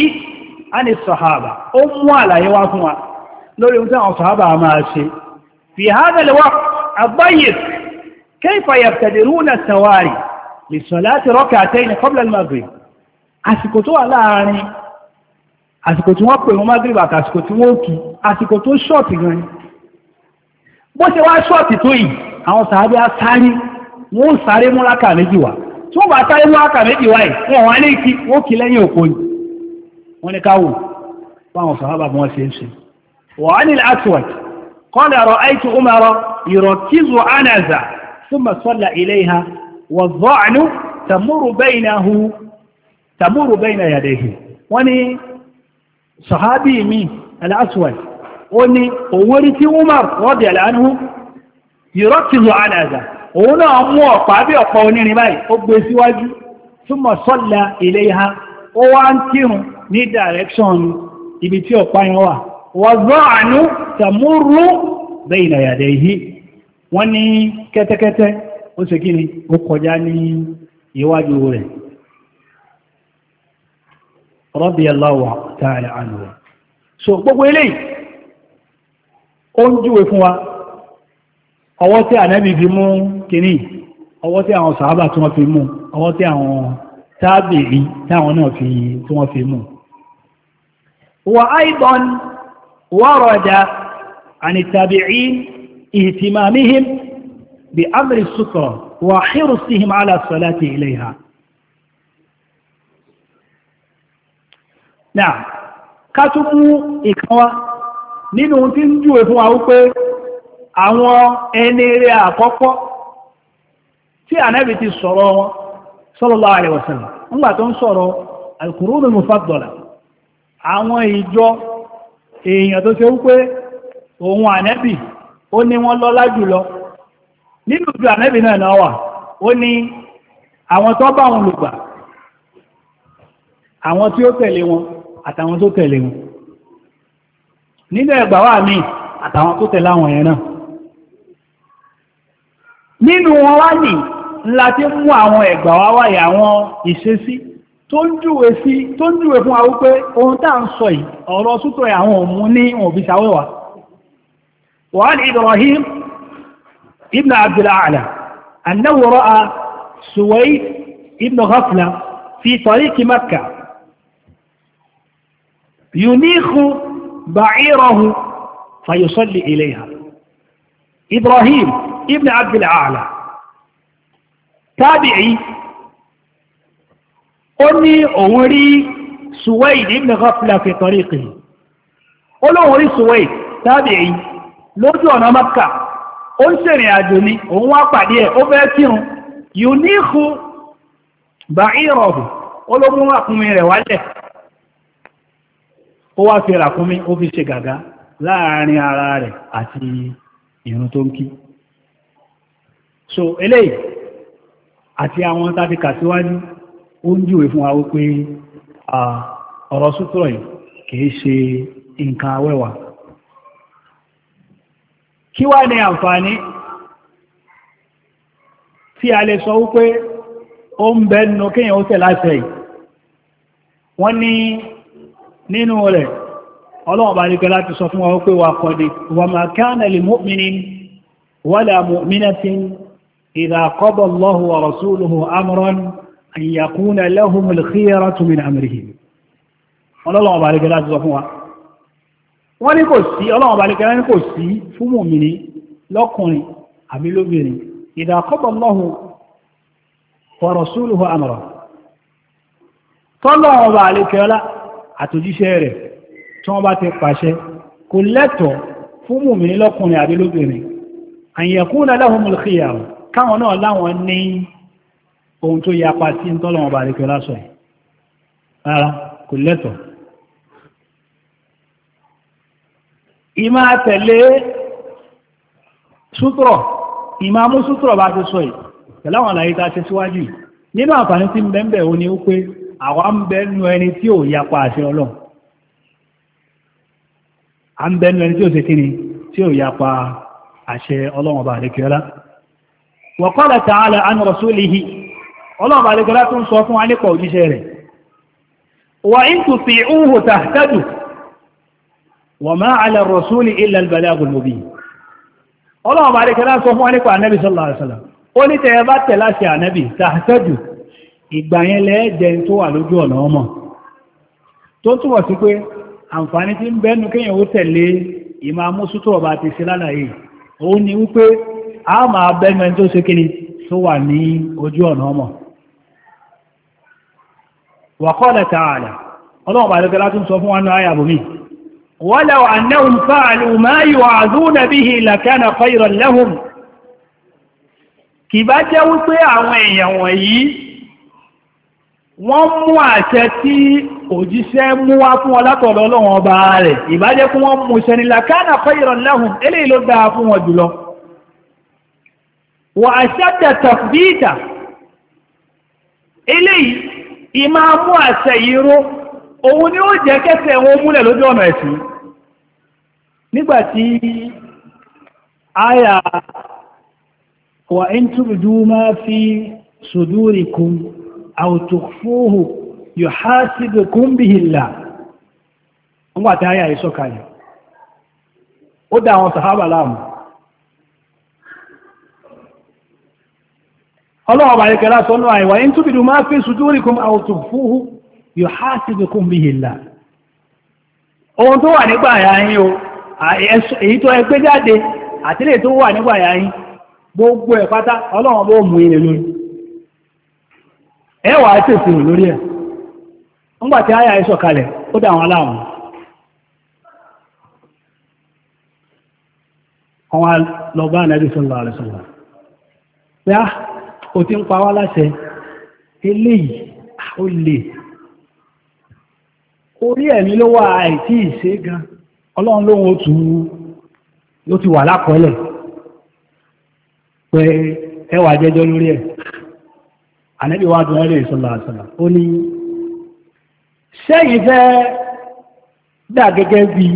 anẹ́sọ̀hábà ó mú àlàyé wá fún wa lórí ohun àsìkò tó wà láàrin àsìkò tí wọ́n pè wọ́n magrib àti àsìkò tí wọ́n kì àsìkò tó ṣọ́ọ̀tì gan ni bó ṣe wá ṣọ́ọ̀tì tó yìí àwọn sàábẹ́ á sáré wọ́n sáré múláka méjì wá tí wọ́n bá sáré múláka méjì wá yìí wọ́n wá ní kí wọ́n kì lẹ́yìn òpó wọ́n ní sahabi mi al'aswad ó ní òun rí tí umar rọ́dì aláàánú yìrọ́kìlù aláàzà òun náà mú ọ̀pá bí ọ̀pá onírin báyìí ó gbé síwájú túnmọ̀ sọ́lá ilé ha ó wá ń kírun ní direction ibi tí ọ̀pá yẹn wà wọ́zọ́ àánú tàmúrú bẹ́yìn àyàdẹ̀ yìí wọ́n ní kẹ́tẹ́kẹ́tẹ́ ó sì kí ni ó kọjá ní iwájú rẹ̀ radiyallahu ta'ala anhu so gbogbo eléyìí ó ń júwe fún wa ọwọ́ tí ànábì fi mú kìíní ọwọ́ tí àwọn sàábà tí wọ́n fi mú ọwọ́ tí àwọn tábìlì táwọn náà fi tí wọ́n fi mú wa aidan warada àni tabi'in ihtimamihim bi amri sutra wa hirsihim ala salati ilayha náà ká tún mú ìkan wá nínú tí ń júwe fún wa wípé àwọn ẹni rẹ̀ àkọ́kọ́ tí ti sọ̀rọ̀ wọn sallallahu alaihi ńgbà tó ń sọ̀rọ̀ al-qurunul àwọn ìjọ èèyàn tó ṣe wípé òun ó ní wọ́n lọ́lá jùlọ nínú náà náà wà ó ní àwọn tó bá wọn lùgbà àwọn àtàwọn tó tẹ̀lé wọn nílẹ̀ ẹgbàwà mi àtàwọn tó tẹ̀lé àwọn yẹn náà nínú wọn wá ní ńlá tí mú àwọn ẹgbàwà wáyé àwọn ìṣesí tó ń júwe sí tó ń júwe fún wa ohun tá ń sọ ọ̀rọ̀ sútọ̀ àwọn òmú ní òbí sàwẹ́wà wàhálì Ibrahim ibn ينيخ بعيره فيصلي إليها إبراهيم ابن عبد الأعلى تابعي أني أوري سويد ابن غفلة في طريقه أولو أوري سويد تابعي لوجو أنا مكة أنسري أجوني وواقع ديه أباتيهم ينيخ بعيره أولو مواقع من رواليه ó wá fi ràkúnmí ó fi ṣe gàgá láàárín ara rẹ̀ àti ìrun tó ń kí so eléyìí àti àwọn tàbí kàtíwájú ó ń jùwé fún wa wípé ọ̀rọ̀ sútúrọ̀ yìí kìí ṣe nǹkan awẹ́wà kí wá ní àǹfààní tí a lè sọ wípé ó ń bẹ́nu kíyàn ó tẹ̀ láṣẹ yìí wọ́n ní nínú rẹ̀ ọlọ́ọ̀bá ríkẹ láti sọ fún wọn pé wà kọ̀dì wà máa kana lil mu'minin wala mu'minatin idha qada Allahu wa rasuluhu amran an yakuna lahumul khiyaratu min amrihim ọlọ́ọ̀bá ríkẹ láti sọ fún wa wọ́n ní kò àtòjíṣẹ́ rẹ̀ tí wọ́n bá ti pàṣẹ kò lẹ́tọ̀ọ́ fún mùmìnì lọ́kùnrin àbí lóbìnrin àyẹ̀kún lahumul khiyar káwọn náà láwọn ní ohun tó yapa sí ń tọ́lọ̀ ọba àríkẹ́ lásọ ẹ̀ rárá kò lẹ́tọ̀ọ́ ìmá tẹ̀lé sútúrọ̀ ìmá mú sútúrọ̀ àwa ń bẹnu ẹni tí ò yapa àṣẹ ọlọ́run a ń bẹnu ẹni tí ò ṣe kíni tí ò yapa àṣẹ ọlọ́run ọba àdékẹ́lá wa qala ta'ala an rasulihi ọlọ́run ọba àdékẹ́lá tó ń sọ fún wa nípa òjíṣẹ́ rẹ̀ wa in tuti'uhu tahtadu wa ma 'ala ar-rasuli illa al-balagul mubin ọlọ́run ọba ìgbà yẹn lẹ́ẹ̀jẹ́ tó wà lójú ọ̀nà ọmọ tó túbọ̀ sí pé àǹfààní tí ń bẹ́nu kéèyàn ó tẹ̀lé ìmá músútó ọba àti sí lálàyé òun ni wípé a máa bẹ́nu ẹni tó ṣe kíni tó wà ní ojú ọ̀nà ọmọ wa qala ta'ala ọlọ́run bá jẹ́ wípé àwọn èèyàn wọ̀nyí wọ́n mú àṣẹ tí òjíṣẹ́ mú wá fún wọn látọ̀dọ̀ ọlọ́run ọba rẹ̀ ìbájẹ́ kí wọ́n mú ṣẹni làkánà khayran lahum eléyìí ló dáa fún wọn jùlọ wà ashadda tafbita eléyìí ìmá mú àṣẹ yìí ró òun ni ó jẹ́ kẹsẹ̀ wọn múlẹ̀ lójú ọ̀nà ẹ̀sìn nígbàtí àyà wà in tubdu ma fi sudurikum àwòtòfóhù yóò há síbi kúmbìhìlà ńgbà Ọ àyà yìí sọ̀kalẹ̀ ó dá àwọn sàhábà láàmú ọlọ́wọ́ bá yẹ̀kẹ̀lá sọ́nà àìwà yìí túbìdù máa fi sùdúrìkùn àwòtòfóhù yóò ohun tó wà nígbà àyà o èyí tó ẹgbẹ́ jáde àtìlẹ̀ tó wà nígbà àyà gbogbo ẹ̀ pátá bó ẹwà àti ìsinmi lórí ẹ̀ ńgbàtí àyà kalẹ̀ ó dà wọn láàmú àwọn lọ́gbà nàbí sọ́lọ́ o ti ń pa wá láṣẹ eléyìí ah, ó lè orí ẹ̀mí ló wà àìtí ìṣe gan ọlọ́run lóhun ó tún ló ti wà pé ẹwà jẹjọ lórí ẹ̀ ànábì wa dùn ẹ̀rẹ́ ìṣọ́lá àṣọ́lá ó ní sẹ́yìn fẹ́ dà gẹ́gẹ́ bí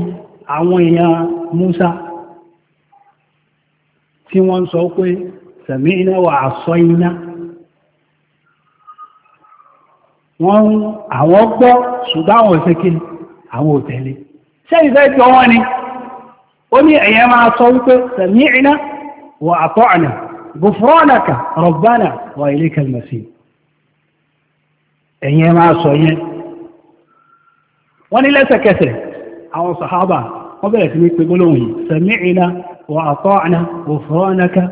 àwọn èèyàn Musa tí wọ́n sọ pé sẹ̀mí iná wà àṣọ iná wọ́n àwọn gbọ́ ṣùgbọ́n àwọn òṣèké àwọn òtẹ̀lé sẹ́yìn fẹ́ jọ wọ́n ni ó ní ẹ̀yẹ máa sọ wípé sẹ̀mí iná wà àtọ́ àná gufranaka rabbana wa ilayka al ẹ̀yìn ẹ máa sọ yẹn wọ́n ní lẹ́sẹ̀kẹsẹ̀ àwọn sàhábà wọ́n bẹ̀rẹ̀ sí ní pé gbólóhùn yìí sami'na wa ata'na ghufranaka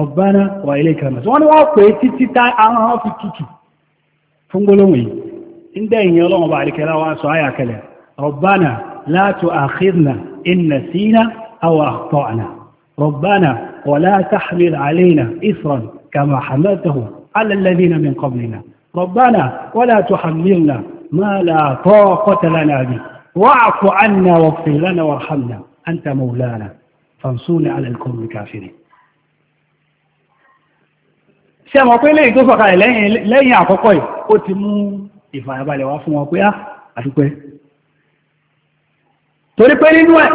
rabbana wa ilayka al-masir wọ́n ní wọ́n pè é títí tá àwọn fi tutù fún gbólóhùn yìí ń dẹ́ ìyẹn ọlọ́run bá àríkẹ́lá wá sọ ayà kẹlẹ̀ rabbana la tu'akhidhna in nasina aw akhta'na rabbana wa la tahmil alayna isran kama hamaltahu ala alladhina min qablina ربنا ولا تحملنا ما لا طاقة لنا به واعف عنا واغفر لنا وارحمنا أنت مولانا فانصونا على القوم الكافرين ṣe mọ̀ pé lẹ́yìn tó sọ̀kalẹ̀ lẹ́yìn àkọ́kọ́ yìí ó ti mú ìfàyàbalẹ̀ wá fún wọn pé àdúpẹ́ ah, torí pé nínú ẹ̀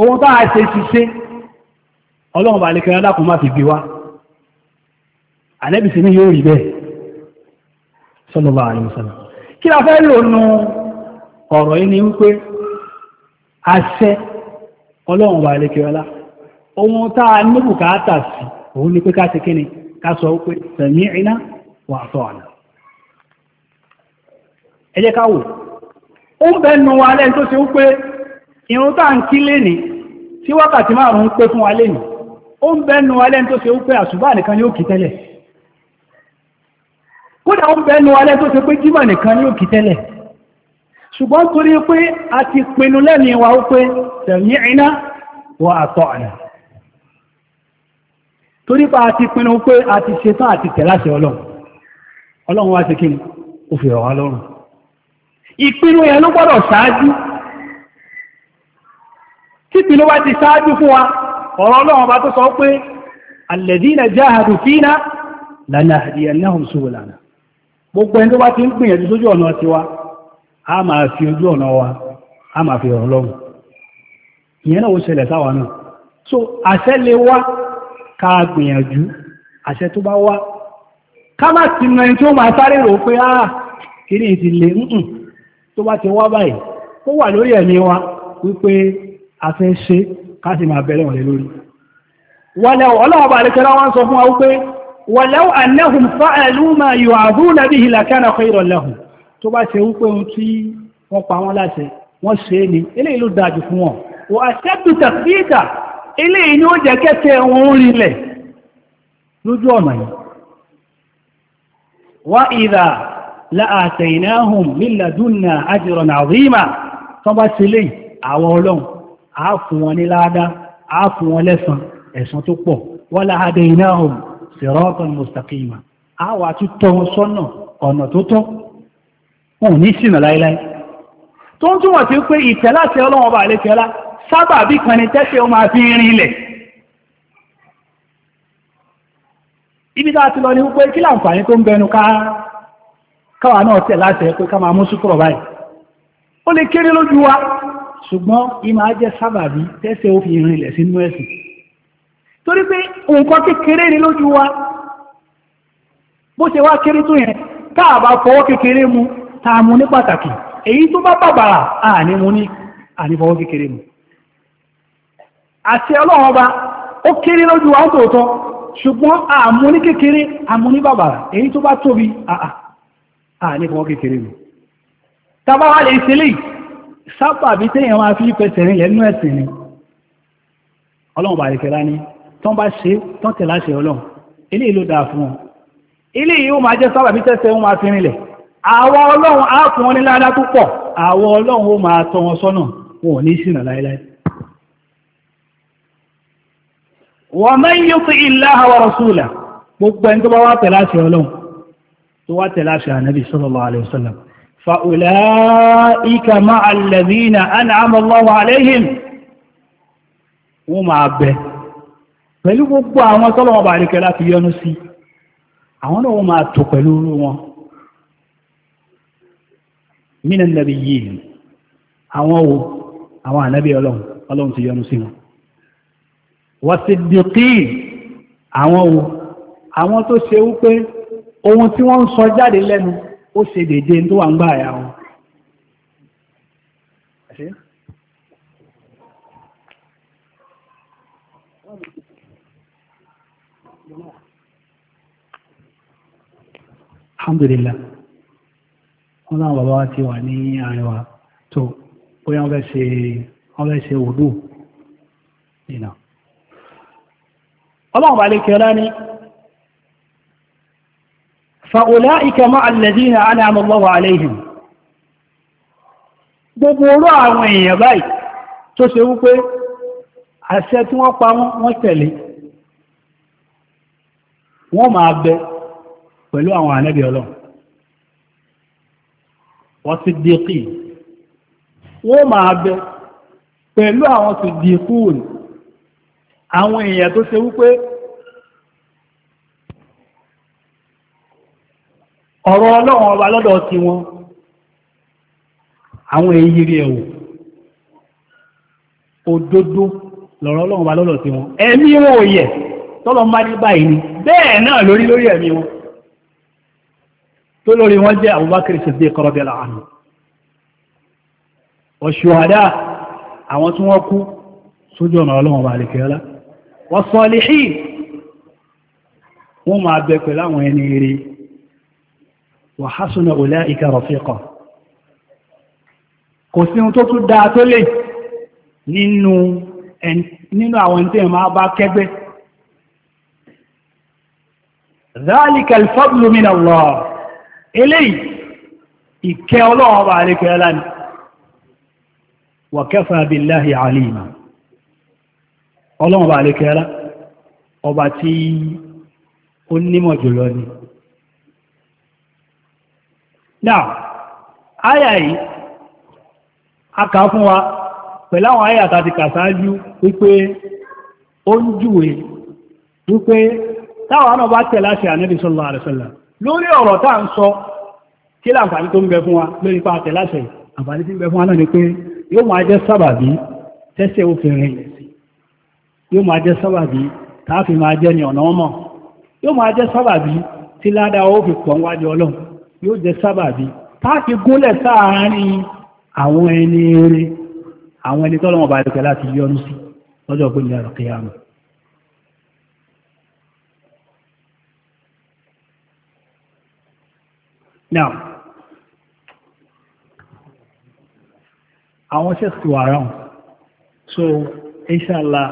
ohun tó àṣẹ ṣiṣẹ́ ọlọ́run bá lè kẹrẹ lákùn fi bí wá àlẹ́bìsí ní yóò rí bẹ́ẹ̀ sallallahu alaihi kí la fẹ́ lò nu ọ̀rọ̀ inú ni wípé àṣẹ ọlọ́run wà lè ohun tá a ka sí òun ni pé ká ti kíni ká sọ wípé wa ata'na ẹ jẹ́ ká wò ó ń bẹ́ẹ̀ wa tó ṣe wípé irun tá ń kí tí wákàtí márùn pé kódà ó bẹnu alẹ́ tó ṣe pé jímọ̀ nìkan ní òkì tẹ́lẹ̀ ṣùgbọ́n torí pé a ti pinnu lẹ́nu wa ó pé sami'na wa ata'na torí pa a ti pinnu pé a ti ṣetán àti tẹ̀láṣẹ ọlọ́run ọlọ́run wá ṣe kí ni ó fi ọ̀rọ̀ ọlọ́run gbogbo ẹni tó bá ti ń gbìyànjú sójú ọ̀nà wá a máa fi ojú ọ̀nà wa a máa fi ọ̀rọ̀ ìyẹn náà ó ṣẹlẹ̀ sáwà náà so àṣẹ lè wá ká gbìyànjú àṣẹ tó bá wá ká má ti mọ sáré rò pé a kìíní ti tó bá ti wá báyìí ó wà lórí ẹ̀mí wa wípé a fẹ́ ṣe ká sì máa bẹ̀rẹ̀ wọn lórí wọlé ọlọ́wọ́ bá lè wọn sọ fún wa wàláwò annahum fa'alu ma yu'aduna bihi lakana khayran lahum tó bá ṣe ń pé ohun tí wọ́n pa wọ́n láṣẹ wọ́n ṣe é ni eléyìí ló dájú fún wọn wà ṣẹ́tù tàfíìtà eléyìí ni ó jẹ́ kẹ́kẹ́ wọn ó rinlẹ̀ lójú ọ̀nà yìí wa idha la'ataynahum min ladunna ajran tó bá ṣe lè àwọn ọlọ́run á fún wọn siratan mustaqima àwa tún tọ́ sọ́nà ọ̀nà tó tọ́ wọn ní ṣìnà tó ń ní ó máa fi tó ń bẹnu ká káwa náà tẹ̀ láṣẹ pé ká máa mú súkúrọ̀ báyìí ó lè kéré lójú wa ṣùgbọ́n ìmọ̀ á jẹ́ sábà bí fi ilẹ̀ torí pé nǹkan kékeré ni lójú wa bó ṣe wá kéré tó yẹn táà bá fọwọ́ kékeré mu táà mu ní pàtàkì èyí tó bá bàbàrà àní mu ní àní fọwọ́ kékeré mu àti ọlọ́run ọba ó kéré lójú wa tòótọ́ ṣùgbọ́n àmú ní kékeré àmú ní bàbàrà èyí tó bá tóbi àà àní fọwọ́ kékeré mu tàbá lè ṣẹlẹ̀ sábàbí téèyàn máa fi fẹsẹ̀ rìn lẹ́nu ẹ̀sìn ni ọlọ́run bàrẹ̀kẹ́lá ní tán bá ṣe tán tẹ̀ láṣẹ ọlọ́run eléyìí ló dáa fún wọn eléyìí ó máa jẹ́ sábà bí tẹ́sẹ̀ wọn máa fi rinlẹ̀ àwọ ọlọ́run á fún wọn ní ládá púpọ̀ àwọ ọlọ́run ó máa tọ́ wọn sọ́nà wọn ò ní ṣìnà láéláé wa man yuti illaha wa rasulahu wọ́n máa bẹ̀ẹ́ pẹ̀lú gbogbo àwọn tọ́lọ̀wọ̀n bá rí kẹlá fi yọnu sí àwọn náà wọ́n máa tò pẹ̀lú orú wọn mínà nàbí yìí àwọn wo àwọn ànábí ọlọ́run ọlọ́run ti yọnu sí wọn wàsídìkì àwọn wo àwọn tó ṣe wípé ohun tí wọ́n ń sọ jáde lẹ́nu ó ṣe déédéé tó wà ń gbà àyà wọn alhamdulillah wọ́n láwọn bàbá wa ti wà ní àárín wa tó bóyá wọ́n fẹ́ ṣe wùdú nìna ọlọ́run bá lè kẹ́lá ní فأولئك مع الذين أنعم الله عليهم gbogbo orú àwọn èèyàn báyìí tó ṣe wípé àṣẹ tí wọ́n pa wọ́n tẹ̀lé wọ́n máa bẹ pẹ̀lú àwọn ànábì ọlọ́run wọ́n ti dìkì wọ́n máa bẹ pẹ̀lú àwọn ti dìkùn àwọn èèyàn tó ṣe wípé ọ̀rọ̀ ọlọ́run ọba lọ́dọ̀ ti wọn àwọn èyí rí ẹ̀wò òdodo lọ̀rọ̀ ọlọ́run ọba lọ́dọ̀ ti wọn ẹ̀mí wọn ò yẹ̀ tọ́lọ́ báyìí ni bẹ́ẹ̀ náà lórí lórí ẹ̀mí wọn tó lórí wọn jẹ́ Abubakar Siddiq radiyallahu anhu ọ̀ṣùwádá àwọn tí wọ́n kú sójú ọ̀nà ọlọ́wọ̀n bá lè kẹ́ọ́lá wọ́n salihin wọ́n máa bẹ pẹ̀lú àwọn ẹni rí wa hasuna ulaika rafiqa kò sí ohun tó tún dáa tó lè nínú àwọn tí ẹ̀ máa bá kẹ́gbẹ́ dhalika al-fadlu min eléyìí ìkẹ́ ọlọ́run ọba àríkẹ́ ọlá ni wa kafa billahi alima ọlọ́run ọba àríkẹ́ ọlá ọba tí ó nímọ̀ jùlọ ni náà áyà yìí a kà fún wa pẹ̀lú àwọn tàbí kàṣáájú wípé ó ń júwe wípé táwọn náà bá tẹ̀ láṣẹ Ànábì sallallahu alaihi lórí ọ̀rọ̀ tá ń sọ kí láǹfààní tó ń bẹ fún wa lórí pa àtẹ̀ láṣẹ àǹfààní tí ń bẹ fún wa náà ni pé yóò máa jẹ́ sábàbí tẹ́sẹ̀ òfin rẹ̀ yóò máa jẹ́ sábàbí káàfi máa jẹ́ ní ọ̀nà ọmọ yóò máa jẹ́ sábàbí tí ládàá ó fi pọ̀ wájú ọlọ́run yóò jẹ́ sábàbí káàfi gúnlẹ̀ sáàárín àwọn ẹni eré àwọn ẹni tọ́lọ́mọba àdìkẹ́ láti yọnu sí lọ́jọ́ now I want ti wà ráhùn so inshallah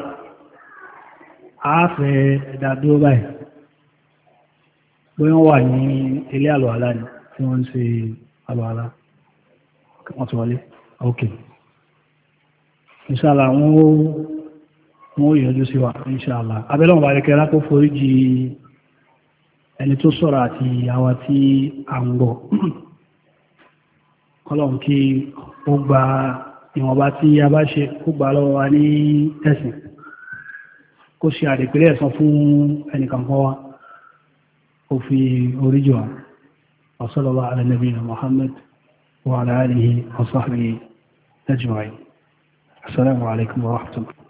àáfẹ́ ẹ̀dà dúró báyìí bóyá wà ní ilé àlọ́àlá ni tí wọ́n ń ṣe àlọ́àlá wọ́n ti wọlé ok inṣàlá wọ́n ó yọjú sí wa inṣàlá abẹ́lọ́wọ̀n bá rẹ̀kẹ́ lákó forí jì í ẹni tó sọ̀rọ̀ àti àwa tí a ń gbọ́ kọ́lọ̀n kí ó gba ìwọ̀nba tí a bá ṣe kó gbà lọ́wọ́ wa ní ẹ̀sìn kó ṣe àdìpínlẹ̀ ẹ̀sán fún ẹnìkan kan wa ó fi oríjì wa wasalọ́wọ́ alẹ́nàbí na Muhammad wa aláàrí wa sahbihi ajma'in assalamu alaikum wa rahmatullah